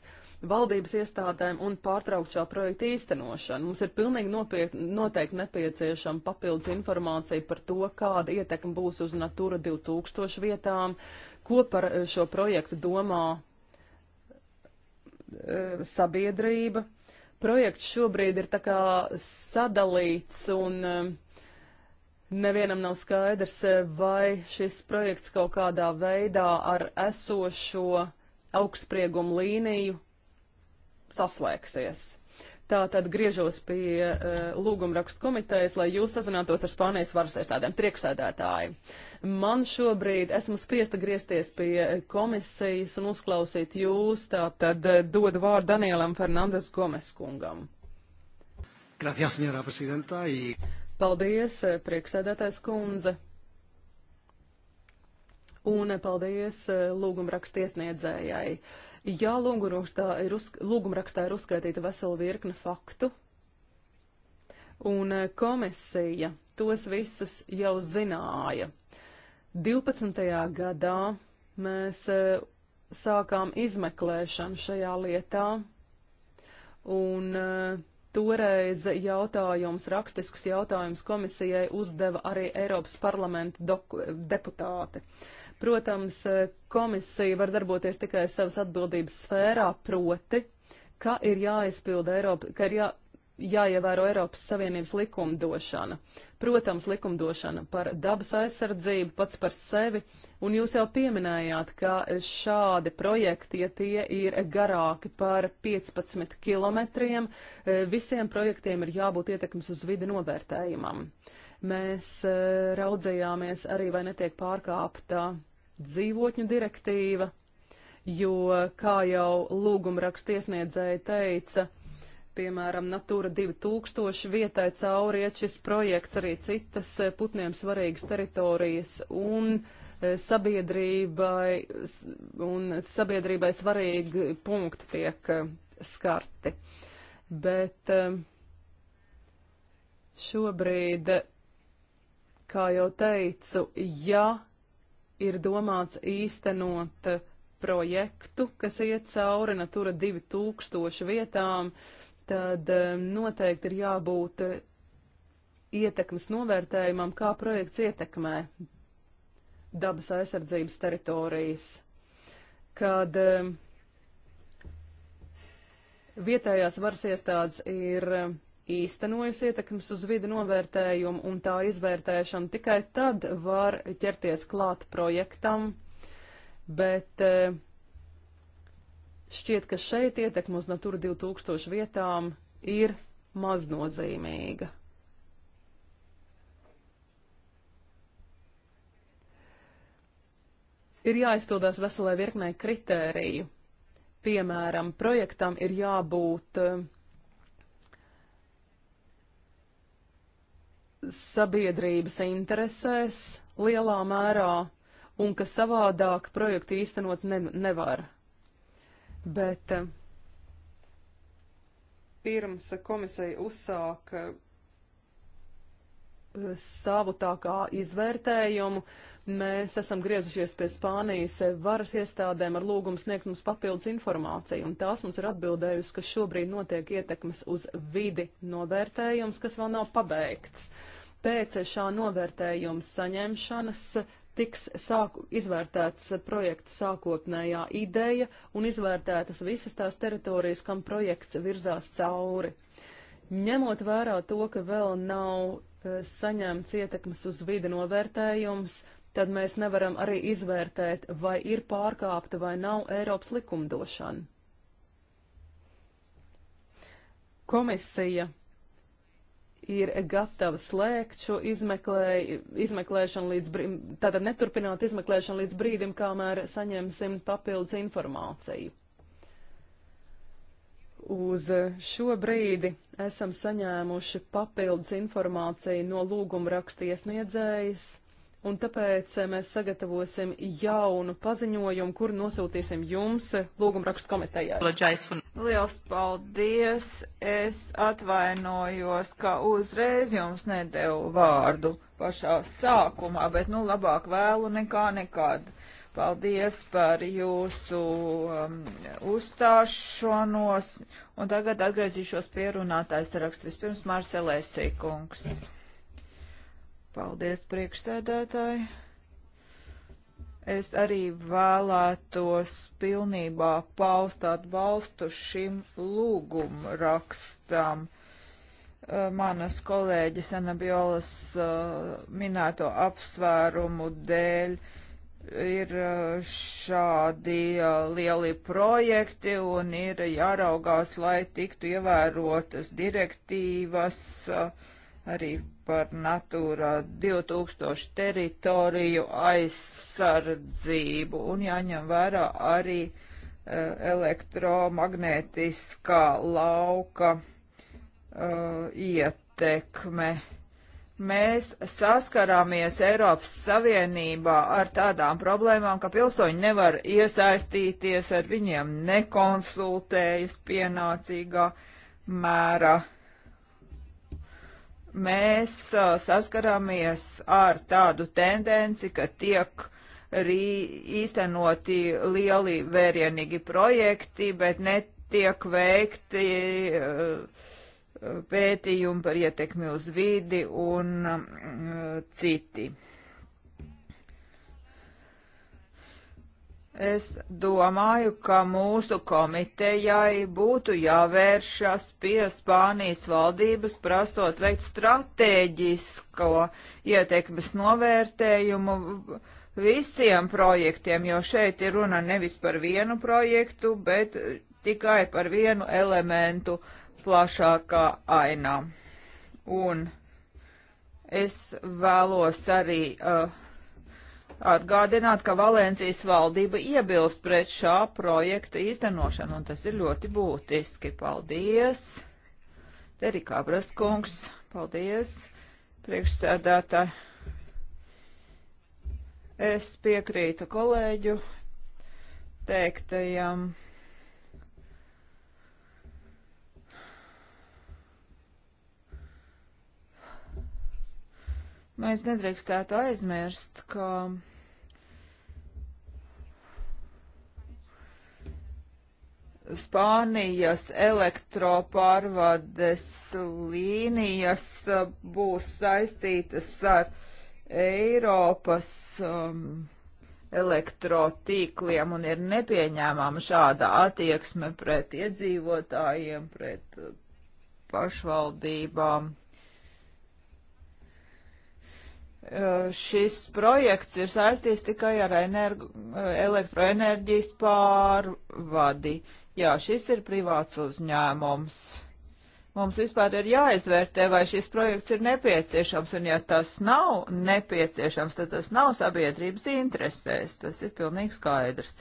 valdības iestādēm un pārtraukt šā projekta īstenošanu. Mums ir pilnīgi nopiet, noteikti nepieciešama papildus informācija par to, kāda ietekme būs uz Natura 2000 vietām, ko par eh, šo projektu domā e, sabiedrība projekts šobrīd ir tā kā sadalīts un um, nevienam nav skaidrs, eh, vai šis projekts kaut kādā veidā ar esošo augstsprieguma līniju saslēgsies. Tā tad griežos pie uh, lūgumrakstu komitejas, lai jūs sazinātos ar Spānijas varas iestādēm priekšsēdētāji. Man šobrīd esmu spiesta griezties pie komisijas un uzklausīt jūs, tā tad uh, eh, dodu vārdu Danielam Fernandes Gomes kungam. Gracias, señora presidenta. Y... Paldies, eh, priekšsēdētājs kundze. Un paldies lūgumrakstu iesniedzējai. Uh, Ja lūgumrakstā ir, uz, lūgumrakstā ir uzskaitīta vesela virkne faktu, un eh, komisija tos visus jau zināja, 12. gadā mēs eh, sākām izmeklēšanu šajā lietā, un eh, Toreiz jautājums, rakstisks jautājums komisijai uzdeva arī Eiropas parlamenta deputāti. Protams, komisija var darboties tikai savas atbildības sfērā, proti, ka ir jāizpilda Eiropa, ka ir jā, jāievēro Eiropas Savienības likumdošana. Protams, likumdošana par dabas aizsardzību pats par sevi, un jūs jau pieminējāt, ka šādi projekti, ja tie ir garāki par 15 kilometriem, visiem projektiem ir jābūt ietekmes uz vidi novērtējumam. Mēs eh, raudzējāmies arī, vai netiek pārkāpta dzīvotņu direktīva, jo, kā jau lūguma rakstiesniedzēja teica, piemēram, Natūra 2000 vietai cauriet šis projekts arī citas eh, putniem svarīgas teritorijas un eh, sabiedrībai, un sabiedrībai svarīgi punkti tiek eh, skarti. Bet šobrīd, kā jau teicu, ja ir domāts īstenot eh, projektu, kas iet cauri Natura 2000 vietām, tad eh, noteikti ir jābūt eh, ietekmes novērtējumam, kā projekts ietekmē dabas aizsardzības teritorijas. Kad vietējās varas iestādes ir īstenojusi ietekmes uz vidi novērtējumu un tā izvērtēšanu, tikai tad var ķerties klāt projektam, bet eh, šķiet, ka šeit ietekme uz Natura 2000 vietām ir maznozīmīga. ir jāizpildās veselē virknē kritēriju. Piemēram, projektam ir jābūt eh, sabiedrības interesēs lielā mērā un ka savādāk projektu īstenot ne, nevar. Bet eh, pirms komisija uzsāka savu tā kā izvērtējumu. Mēs esam griezušies pie Spānijas varas iestādēm ar lūgumu sniegt mums papildus informāciju, un tās mums ir atbildējusi, ka šobrīd notiek ietekmes uz vidi novērtējums, kas vēl nav pabeigts. Pēc šā novērtējuma saņemšanas tiks sāku, izvērtēts projekta sākotnējā ideja un izvērtētas visas tās teritorijas, kam projekts virzās cauri. Ņemot vērā to, ka vēl nav Eh, saņemts ietekmes uz vidi novērtējums, tad mēs nevaram arī izvērtēt, vai ir pārkāpta vai nav Eiropas likumdošana. Komisija ir gatava slēgt šo izmeklē, izmeklēšanu līdz brīdim, tātad neturpināt izmeklēšanu līdz brīdim, kamēr saņemsim papildus informāciju. Uz šo brīdi esam saņēmuši papildus informāciju no lūguma raksta iesniedzējas, un tāpēc mēs sagatavosim jaunu paziņojumu, kur nosūtīsim jums lūgumrakstu komitejai. Liels paldies! Es atvainojos, ka uzreiz jums nedēvu vārdu pašā sākumā, bet nu labāk vēlu nekā nekad. Paldies par jūsu um, uzstāšanos. Un tagad atgriezīšos pie runātājs rakstu. Vispirms Marcelēs Sīkungs. Paldies, priekšsēdētāji. Es arī vēlētos pilnībā paust atbalstu šim lūgumu rakstam uh, manas kolēģis Anabiolas uh, minēto apsvērumu dēļ. Uh, ir šādi lieli projekti un ir jāraugās, lai tiktu ievērotas direktīvas arī par Natūra 2000 teritoriju aizsardzību un jāņem vērā arī elektromagnētiskā lauka uh, ietekme. Uh, mēs saskarāmies Eiropas Savienībā ar tādām problēmām, ka pilsoņi nevar iesaistīties, ar viņiem nekonsultējas pienācīgā mērā. Mēs a, saskarāmies ar tādu tendenci, ka tiek rī, īstenoti lieli vērienīgi projekti, bet netiek veikti uh, pētījumi par ietekmi uz vidi un mm, citi. Es domāju, ka mūsu komitejai būtu jāvēršas pie Spānijas valdības prastot veikt stratēģisko ietekmes novērtējumu visiem projektiem, jo šeit ir runa nevis par vienu projektu, bet tikai par vienu elementu plašākā ainā. Un es vēlos arī uh, atgādināt, ka Valencijas valdība iebilst pret šā projekta īstenošanu, un tas ir ļoti būtiski. Paldies! Terikā Braskungs, paldies! Priekšsēdētāji! Es piekrītu kolēģu teiktajam. Ja Mēs nedrīkstētu aizmirst, ka Spānijas elektropārvades līnijas uh, būs saistītas ar Eiropas um, elektrotīkliem un ir nepieņēmama šāda attieksme pret iedzīvotājiem, pret uh, pašvaldībām. Eh, šis projekts ir saistīts tikai ar eh, elektroenerģijas pārvadi. Jā, šis ir privāts uzņēmums. Mums vispār ir jāizvērtē, vai šis projekts ir nepieciešams, un ja tas nav nepieciešams, tad tas nav sabiedrības interesēs. Tas ir pilnīgi skaidrs.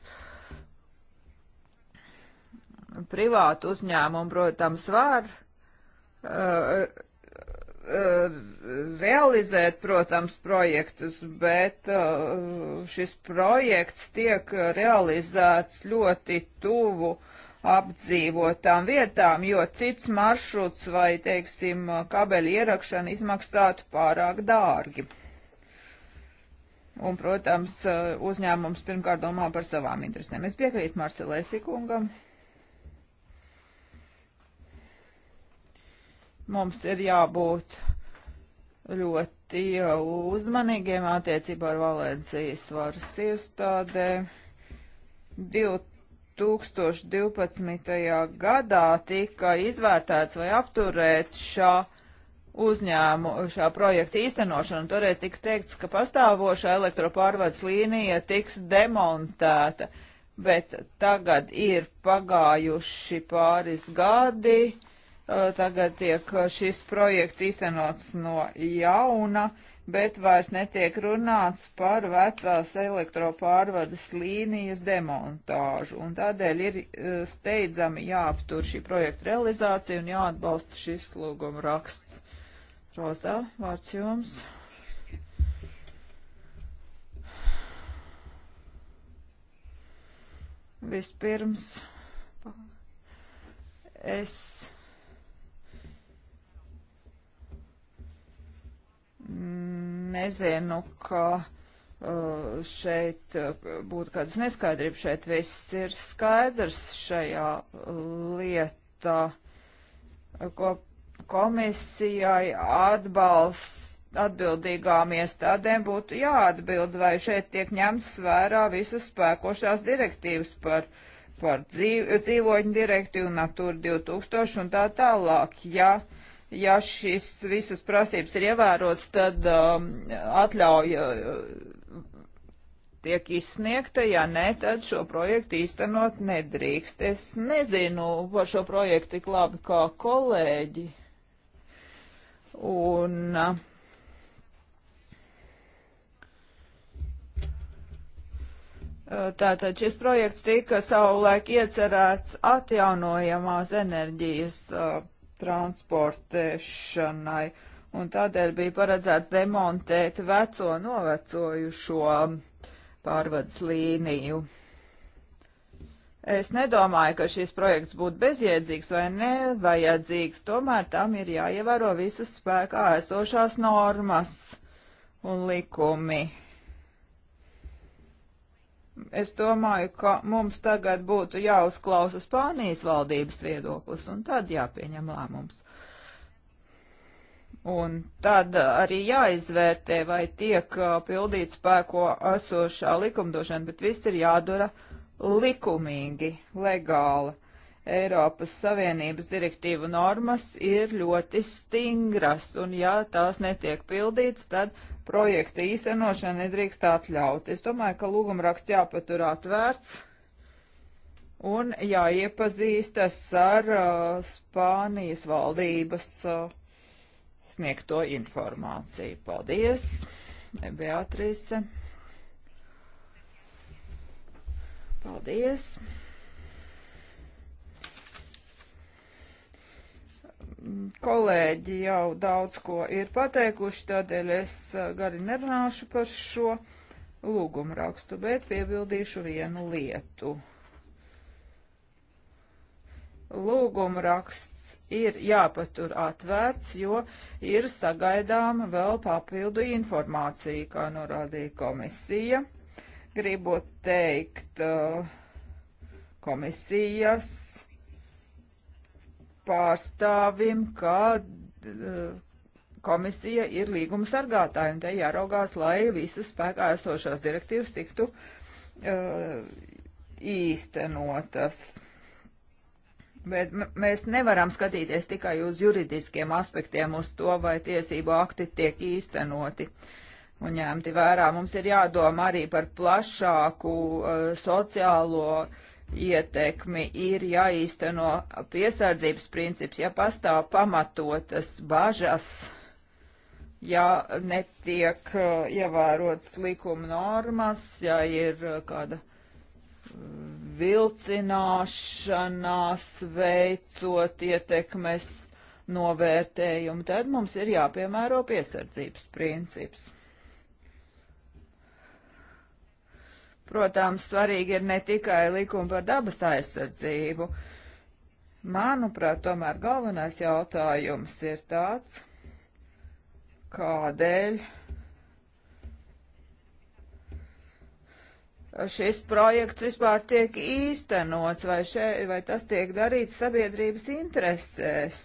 Privātu uzņēmumu, protams, var uh, Eh, realizēt, protams, projektus, bet eh, šis projekts tiek realizēts ļoti tuvu apdzīvotām vietām, jo cits maršruts vai, teiksim, kabeļa ierakšana izmaksātu pārāk dārgi. Un, protams, eh, uzņēmums pirmkārt domā par savām interesēm. Es piekrītu Marcelēsi kungam. Mums ir jābūt ļoti uzmanīgiem attiecībā ar Valencijas varas iestādēm. 2012. gadā tika izvērtēts vai apturēt šā uzņēmu šā projekta īstenošanu. Toreiz tika teikts, ka pastāvošā elektropārvades līnija tiks demontēta, bet tagad ir pagājuši pāris gadi Eh, tagad tiek eh, šis projekts īstenots no jauna, bet vairs netiek runāts par vecās elektropārvades līnijas demontāžu, un tādēļ ir eh, steidzami jāaptur šī projekta realizācija un jāatbalsta šis lūguma raksts. Rozā, vārds jums. Vispirms es nezinu, ka uh, šeit uh, būtu kādas neskaidrības. Šeit viss ir skaidrs šajā uh, lietā, ko komisijai atbalsts atbildīgām iestādēm būtu jāatbild, vai šeit tiek ņemts vērā visas spēkošās direktīvas par, par dzīv, dzīvoņu direktīvu, Natūra 2000 un tā tālāk. Ja, uh, ja šīs visas prasības ir ievērotas, tad um, atļauja uh, tiek izsniegta, ja nē, tad šo projektu īstenot nedrīkst. Es nezinu par šo projektu tik labi kā kolēģi. Un, uh, Tātad šis projekts tika savulaik iecerēts atjaunojamās enerģijas uh, transportēšanai. Un tādēļ bija paredzēts demontēt veco novecojušo pārvades līniju. Es nedomāju, ka šis projekts būtu bezjēdzīgs vai nevajadzīgs, tomēr tam ir jāievēro visas spēkā esošās normas un likumi es domāju, ka mums tagad būtu jāuzklausa Spānijas valdības viedoklis un tad jāpieņem lēmums. Un tad arī jāizvērtē, vai tiek uh, pildīts spēko esošā likumdošana, bet viss ir jādara likumīgi, legāli. Eiropas Savienības direktīvu normas ir ļoti stingras, un ja tās netiek pildīts, tad projekta īstenošana nedrīkst atļaut. Es domāju, ka lūgumraksts jāpatur atvērts un jāiepazīstas ar uh, Spānijas valdības uh, sniegto informāciju. Paldies, Beatrice. Paldies. kolēģi jau daudz ko ir pateikuši, tādēļ es uh, gari nerunāšu par šo lūgumu rakstu, bet piebildīšu vienu lietu. Lūgumu raksts ir jāpatur atvērts, jo ir sagaidāma vēl papildu informācija, kā norādīja komisija. Gribu teikt, uh, komisijas pārstāvim, ka eh, komisija ir līguma sargātāja, un te jāraugās, lai visas spēkā esošās direktīvas tiktu uh, īstenotas. Bet mēs nevaram skatīties tikai uz juridiskiem aspektiem, uz to, vai tiesību akti tiek īstenoti un ņemti vērā. Mums ir jādomā arī par plašāku uh, sociālo uh, ietekmi, ir jāīsteno piesardzības princips, ja pastāv pamatotas bažas, ja netiek uh, ievērotas likuma normas, ja ir uh, kāda uh, vilcināšanās veicot ietekmes novērtējumu, tad mums ir jāpiemēro piesardzības princips. Protams, svarīgi ir ne tikai likumi par dabas aizsardzību. Manuprāt, tomēr galvenais jautājums ir tāds, kādēļ šis projekts vispār tiek īstenots, vai, še, vai tas tiek darīts sabiedrības interesēs.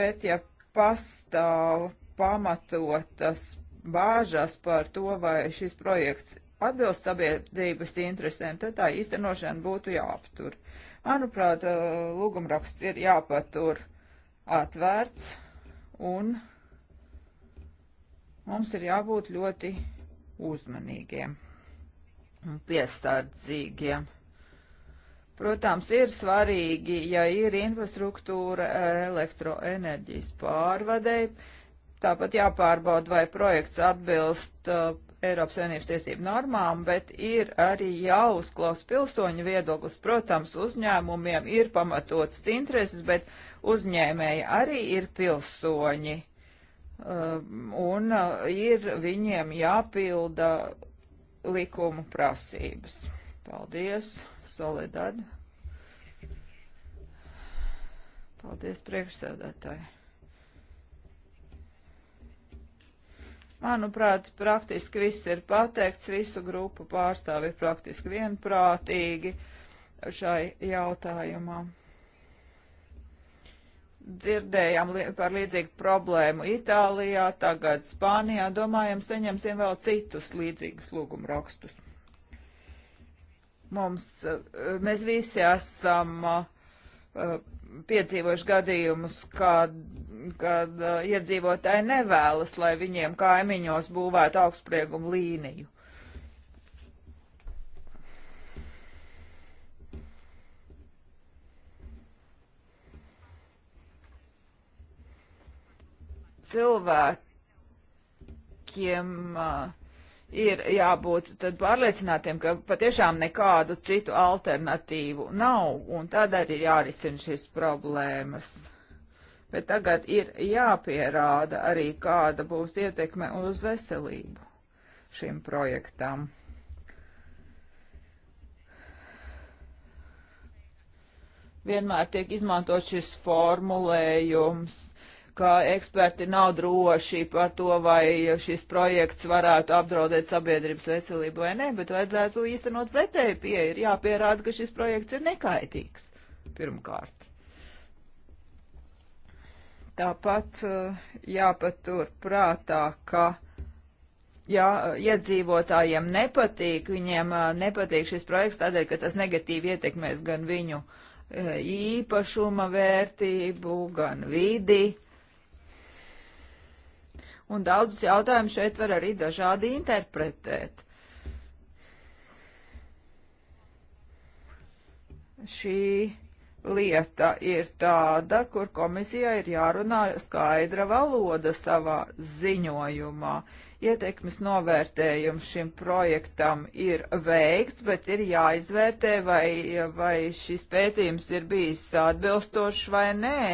Bet, ja pastāv pamatotas bāžas par to, vai šis projekts atbilst sabiedrības interesēm, tad tā īstenošana būtu jāaptur. Manuprāt, eh, lūgumraksts ir jāpatur atvērts un mums ir jābūt ļoti uzmanīgiem un piesardzīgiem. Protams, ir svarīgi, ja ir infrastruktūra eh, elektroenerģijas pārvadei, tāpat jāpārbauda, vai projekts atbilst uh, Eiropas Savienības tiesību normām, bet ir arī jāuzklaus pilsoņu viedoklis. Protams, uzņēmumiem ir pamatotas intereses, bet uzņēmēji arī ir pilsoņi. Um, un uh, ir viņiem jāpilda likumu prasības. Paldies, Soledad. Paldies priekšsēdētāji. Manuprāt, praktiski viss ir pateikts, visu grupu pārstāvi ir praktiski vienprātīgi šai jautājumā. Dzirdējām li par līdzīgu problēmu Itālijā, tagad Spānijā. Domājam, saņemsim vēl citus līdzīgus lūgumu rakstus. Mums, eh, mēs visi esam uh, piedzīvojuši gadījumus, kad, kad uh, iedzīvotāji nevēlas, lai viņiem kaimiņos būvētu augstspriegumu līniju. Cilvēkiem uh, ir jābūt tad pārliecinātiem, ka patiešām nekādu citu alternatīvu nav, un tādēļ ir jārisina šīs problēmas. Bet tagad ir jāpierāda arī, kāda būs ietekme uz veselību šim projektam. Vienmēr tiek izmantot šis formulējums – ka eksperti nav droši par to, vai šis projekts varētu apdraudēt sabiedrības veselību vai nē, bet vajadzētu īstenot pretēju pieeju. Ir jāpierāda, ka šis projekts ir nekaitīgs pirmkārt. Tāpat eh, jāpatur prātā, ka ja iedzīvotājiem nepatīk, viņiem eh, nepatīk šis projekts tādēļ, ka tas negatīvi ietekmēs gan viņu eh, īpašuma vērtību, gan vidi un daudzus jautājumus šeit var arī dažādi interpretēt. Šī lieta ir tāda, kur komisijai ir jārunā skaidra valoda savā ziņojumā. Ietekmes novērtējums šim projektam ir veikts, bet ir jāizvērtē, vai, vai šis pētījums ir bijis atbilstošs vai nē.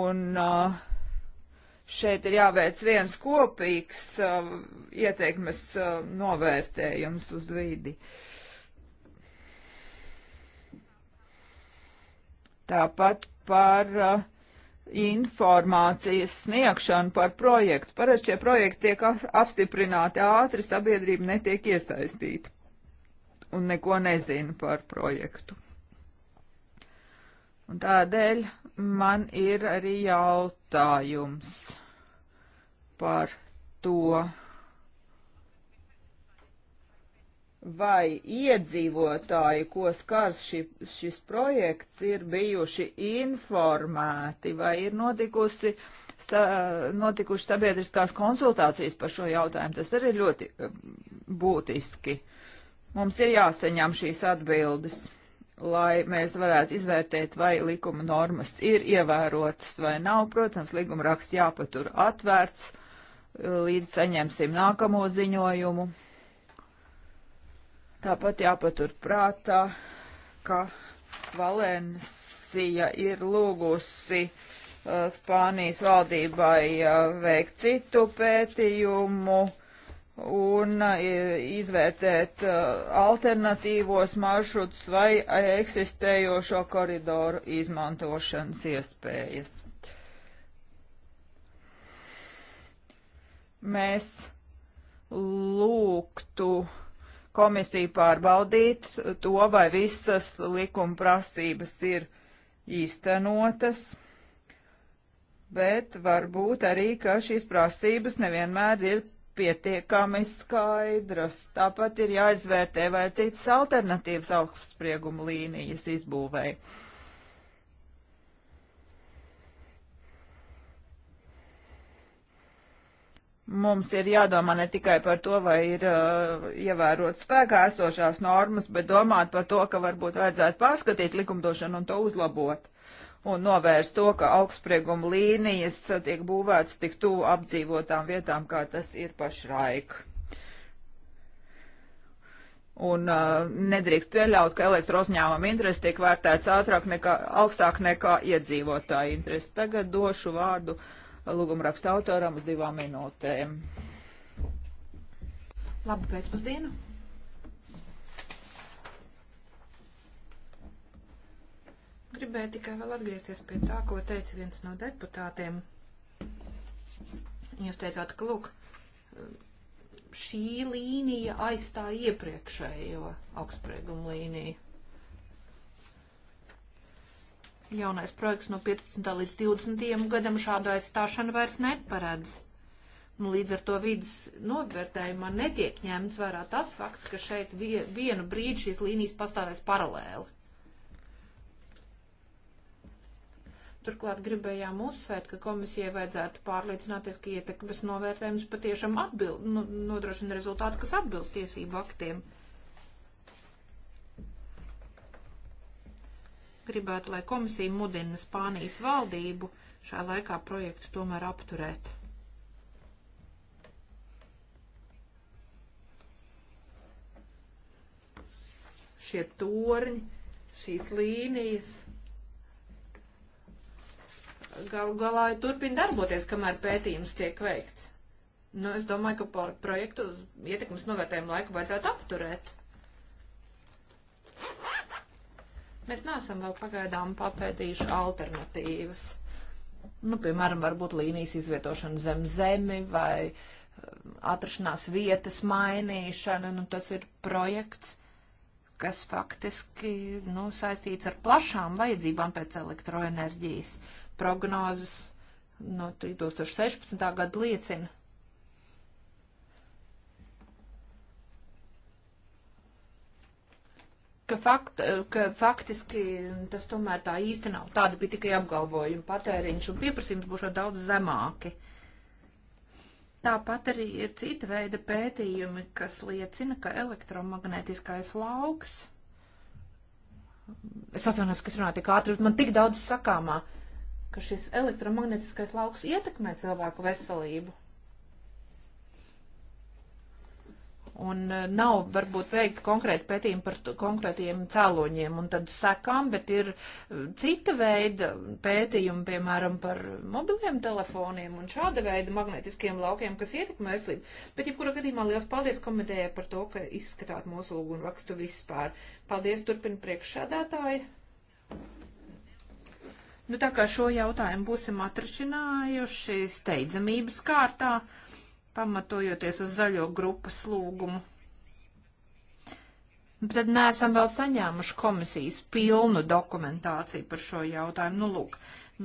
Un uh, šeit ir jāveic viens kopīgs uh, ieteikmes uh, novērtējums uz vidi. Tāpat par uh, informācijas sniegšanu par projektu. Parasti šie projekti tiek apstiprināti ātri, sabiedrība netiek iesaistīta un neko nezina par projektu. Un tādēļ man ir arī jautājums par to, vai iedzīvotāji, ko skars ši, šis projekts, ir bijuši informēti, vai ir notikusi, sa, notikuši sabiedriskās konsultācijas par šo jautājumu. Tas arī ir ļoti eh, būtiski. Mums ir jāsaņem šīs atbildes lai mēs varētu izvērtēt, vai likuma normas ir ievērotas vai nav. Protams, likuma raksts jāpatur atvērts, līdz saņemsim nākamo ziņojumu. Tāpat jāpatur prātā, ka Valensija ir lūgusi uh, Spānijas valdībai uh, veikt citu pētījumu un e, izvērtēt e, alternatīvos maršrutus vai eksistējošo koridoru izmantošanas iespējas. Mēs lūgtu komisiju pārbaudīt to, vai visas likuma prasības ir īstenotas bet varbūt arī, ka šīs prasības nevienmēr ir pietiekami skaidras. Tāpat ir jāizvērtē, vai ir citas alternatīvas augstsprieguma līnijas izbūvēja. Mums ir jādomā ne tikai par to, vai ir uh, ievērot spēkā esošās normas, bet domāt par to, ka varbūt vajadzētu pārskatīt likumdošanu un to uzlabot un novērst to, ka augstsprieguma līnijas tiek būvētas tik tuvu apdzīvotām vietām, kā tas ir pašlaik. Un uh, nedrīkst pieļaut, ka elektrouzņēmuma interesi tiek vērtēts ātrāk nekā, augstāk nekā iedzīvotāja interesi. Tagad došu vārdu lūgumraksta autoram uz divām minūtēm. Labu pēcpusdienu! Gribēju tikai vēl atgriezties pie tā, ko teica viens no deputātiem. Jūs teicāt, ka, lūk, šī līnija aizstāja iepriekšējo augstsprieguma līniju. Jaunais projekts no 15. līdz 20. gadam šādu aizstāšanu vairs neparedz. Nu, līdz ar to vidas novērtējumā netiek ņemts vērā tas fakts, ka šeit vienu brīdi šīs līnijas pastāvēs paralēli. Turklāt gribējām uzsvērt, ka komisijai vajadzētu pārliecināties, ka ietekmes novērtējums patiešām atbild, nu, nodrošina rezultāts, kas atbilst tiesību aktiem. Gribētu, lai komisija mudina Spānijas valdību šā laikā projektu tomēr apturēt. Šie torņi, šīs līnijas gal galā turpina darboties, kamēr pētījums tiek veikts. Nu, es domāju, ka par projektu uz ietekmes novērtējumu laiku vajadzētu apturēt. Mēs neesam vēl pagaidām papētījuši alternatīvas. Nu, piemēram, varbūt līnijas izvietošana zem zemi vai um, atrašanās vietas mainīšana. Nu, tas ir projekts kas faktiski nu, saistīts ar plašām vajadzībām pēc elektroenerģijas prognozes no nu, 2016. gada liecina. Ka, fakt, ka faktiski tas tomēr tā īsti nav. Tāda bija tikai apgalvojuma patēriņš un pieprasījums būs daudz zemāki. Tāpat arī ir cita veida pētījumi, kas liecina, ka elektromagnētiskais lauks. Es atvainojos, ka es runāju tik ātri, bet man tik daudz sakāmā. Uh, ka šis elektromagnetiskais lauks ietekmē cilvēku veselību. Un eh, nav varbūt veikta konkrēta pētījuma par konkrētiem cēloņiem un tad sekām, bet ir eh, cita veida pētījumi, piemēram, par mobiliem telefoniem un šāda veida magnetiskiem laukiem, kas ietekmē veselību. Bet, ja kurā gadījumā, liels paldies komitējai par to, ka izskatāt mūsu lūgumu rakstu vispār. Paldies, turpina priekšsēdētāji. Nu, tā kā šo jautājumu būsim atrašinājuši steidzamības kārtā, pamatojoties uz zaļo grupas lūgumu. Nu, tad neesam vēl saņēmuši komisijas pilnu dokumentāciju par šo jautājumu. Nu, lūk,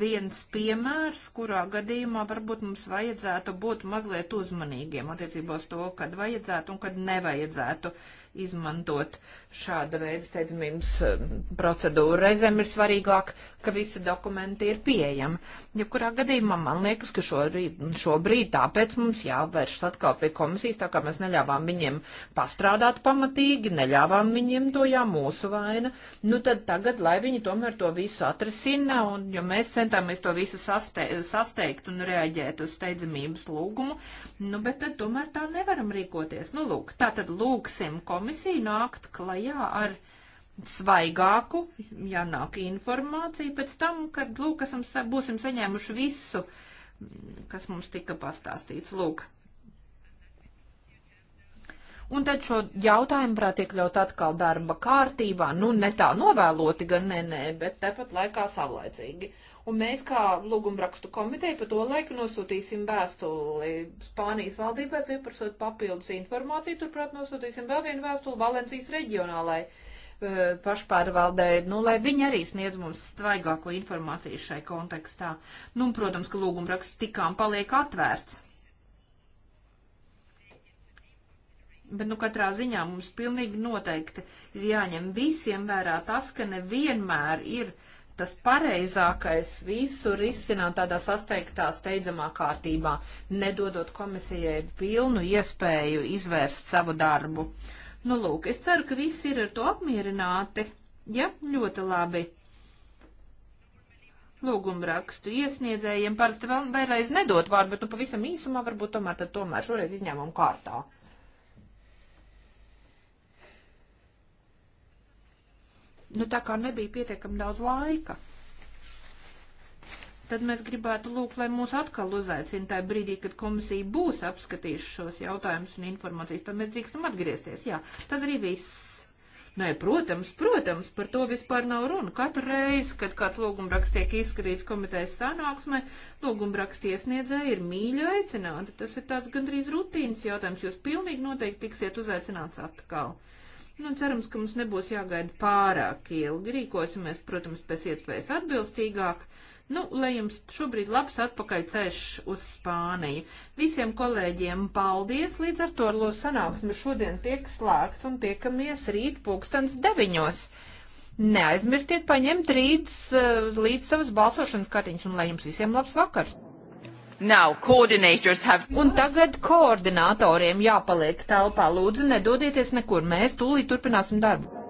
viens piemērs, kurā gadījumā varbūt mums vajadzētu būt mazliet uzmanīgiem attiecībā uz to, kad vajadzētu un kad nevajadzētu uh, izmantot šāda veida steidzamības eh, procedūru. Reizēm ir svarīgāk, ka visi dokumenti ir pieejami. Jebkurā gadījumā man liekas, ka šorīt, šobrīd tāpēc mums jāvēršas atkal pie komisijas, tā kā mēs neļāvām viņiem pastrādāt pamatīgi, neļāvām viņiem to jā mūsu vaina. Nu tad tagad, lai viņi tomēr to visu atrisina, un jo mēs centāmies to visu saste, sasteigt un reaģēt uz steidzamības lūgumu, nu bet tad tomēr tā nevaram rīkoties. Nu lūk, tā tad lūksim komisiju komisiju nākt klajā ar svaigāku, ja nāk informāciju pēc tam, kad, lūk, esam, būsim saņēmuši visu, kas mums tika pastāstīts, lūk. Un tad šo jautājumu, prāt, iekļaut atkal darba kārtībā, nu, ne tā novēloti, gan nē, nē, bet tepat laikā savlaicīgi. Uh, un mēs kā lūgumrakstu komiteja pa to laiku nosūtīsim vēstuli Spānijas valdībai pieprasot papildus informāciju, turprāt nosūtīsim vēl vienu vēstuli Valencijas reģionālai e, pašpārvaldē, nu, lai viņi arī sniedz mums svaigāko informāciju šai kontekstā. Nu, un, protams, ka lūgumraksts tikām paliek atvērts. Bet, nu, katrā ziņā mums pilnīgi noteikti ir jāņem visiem vērā tas, ka nevienmēr ir uh, tas pareizākais visu risināt tādā sasteigtā steidzamā kārtībā, nedodot komisijai pilnu iespēju izvērst savu darbu. Nu, lūk, es ceru, ka visi ir ar to apmierināti. Ja, ļoti labi. Lūgumu rakstu iesniedzējiem parasti vēl vēlreiz nedot vārdu, bet nu pavisam īsumā varbūt tomēr tad tomēr šoreiz izņēmumu kārtā. Nu, tā kā nebija pietiekami daudz laika, tad mēs gribētu lūgt, lai mūs atkal uzaicina tajā brīdī, kad komisija būs apskatījuši šos jautājumus un informācijas, tad mēs drīkstam atgriezties. Jā, tas arī viss. Nē, protams, protams, par to vispār nav runa. Katru reizi, kad kāds lūgumraksts tiek izskatīts komitejas sanāksmē, lūgumraksts iesniedzēji ir mīļi aicināti. Tas ir tāds gandrīz rutīnas jautājums. Jūs pilnīgi noteikti tiksiet uzaicināts atkal. Uh, Nu, cerams, ka mums nebūs jāgaida pārāk ilgi. Rīkosimies, protams, pēc iespējas atbilstīgāk. Nu, lai jums šobrīd labs atpakaļ ceļš uz Spāniju. Visiem kolēģiem paldies, līdz ar to lo sanāksmi šodien tiek slēgt un tiekamies rīt pulkstens deviņos. Neaizmirstiet paņemt rīt eh, līdz savas balsošanas kartiņas un lai jums visiem labs vakars! Now, have... Un tagad koordinatoriem jāpaliek telpā. Lūdzu, nedodieties nekur. Mēs tūlīt turpināsim darbu.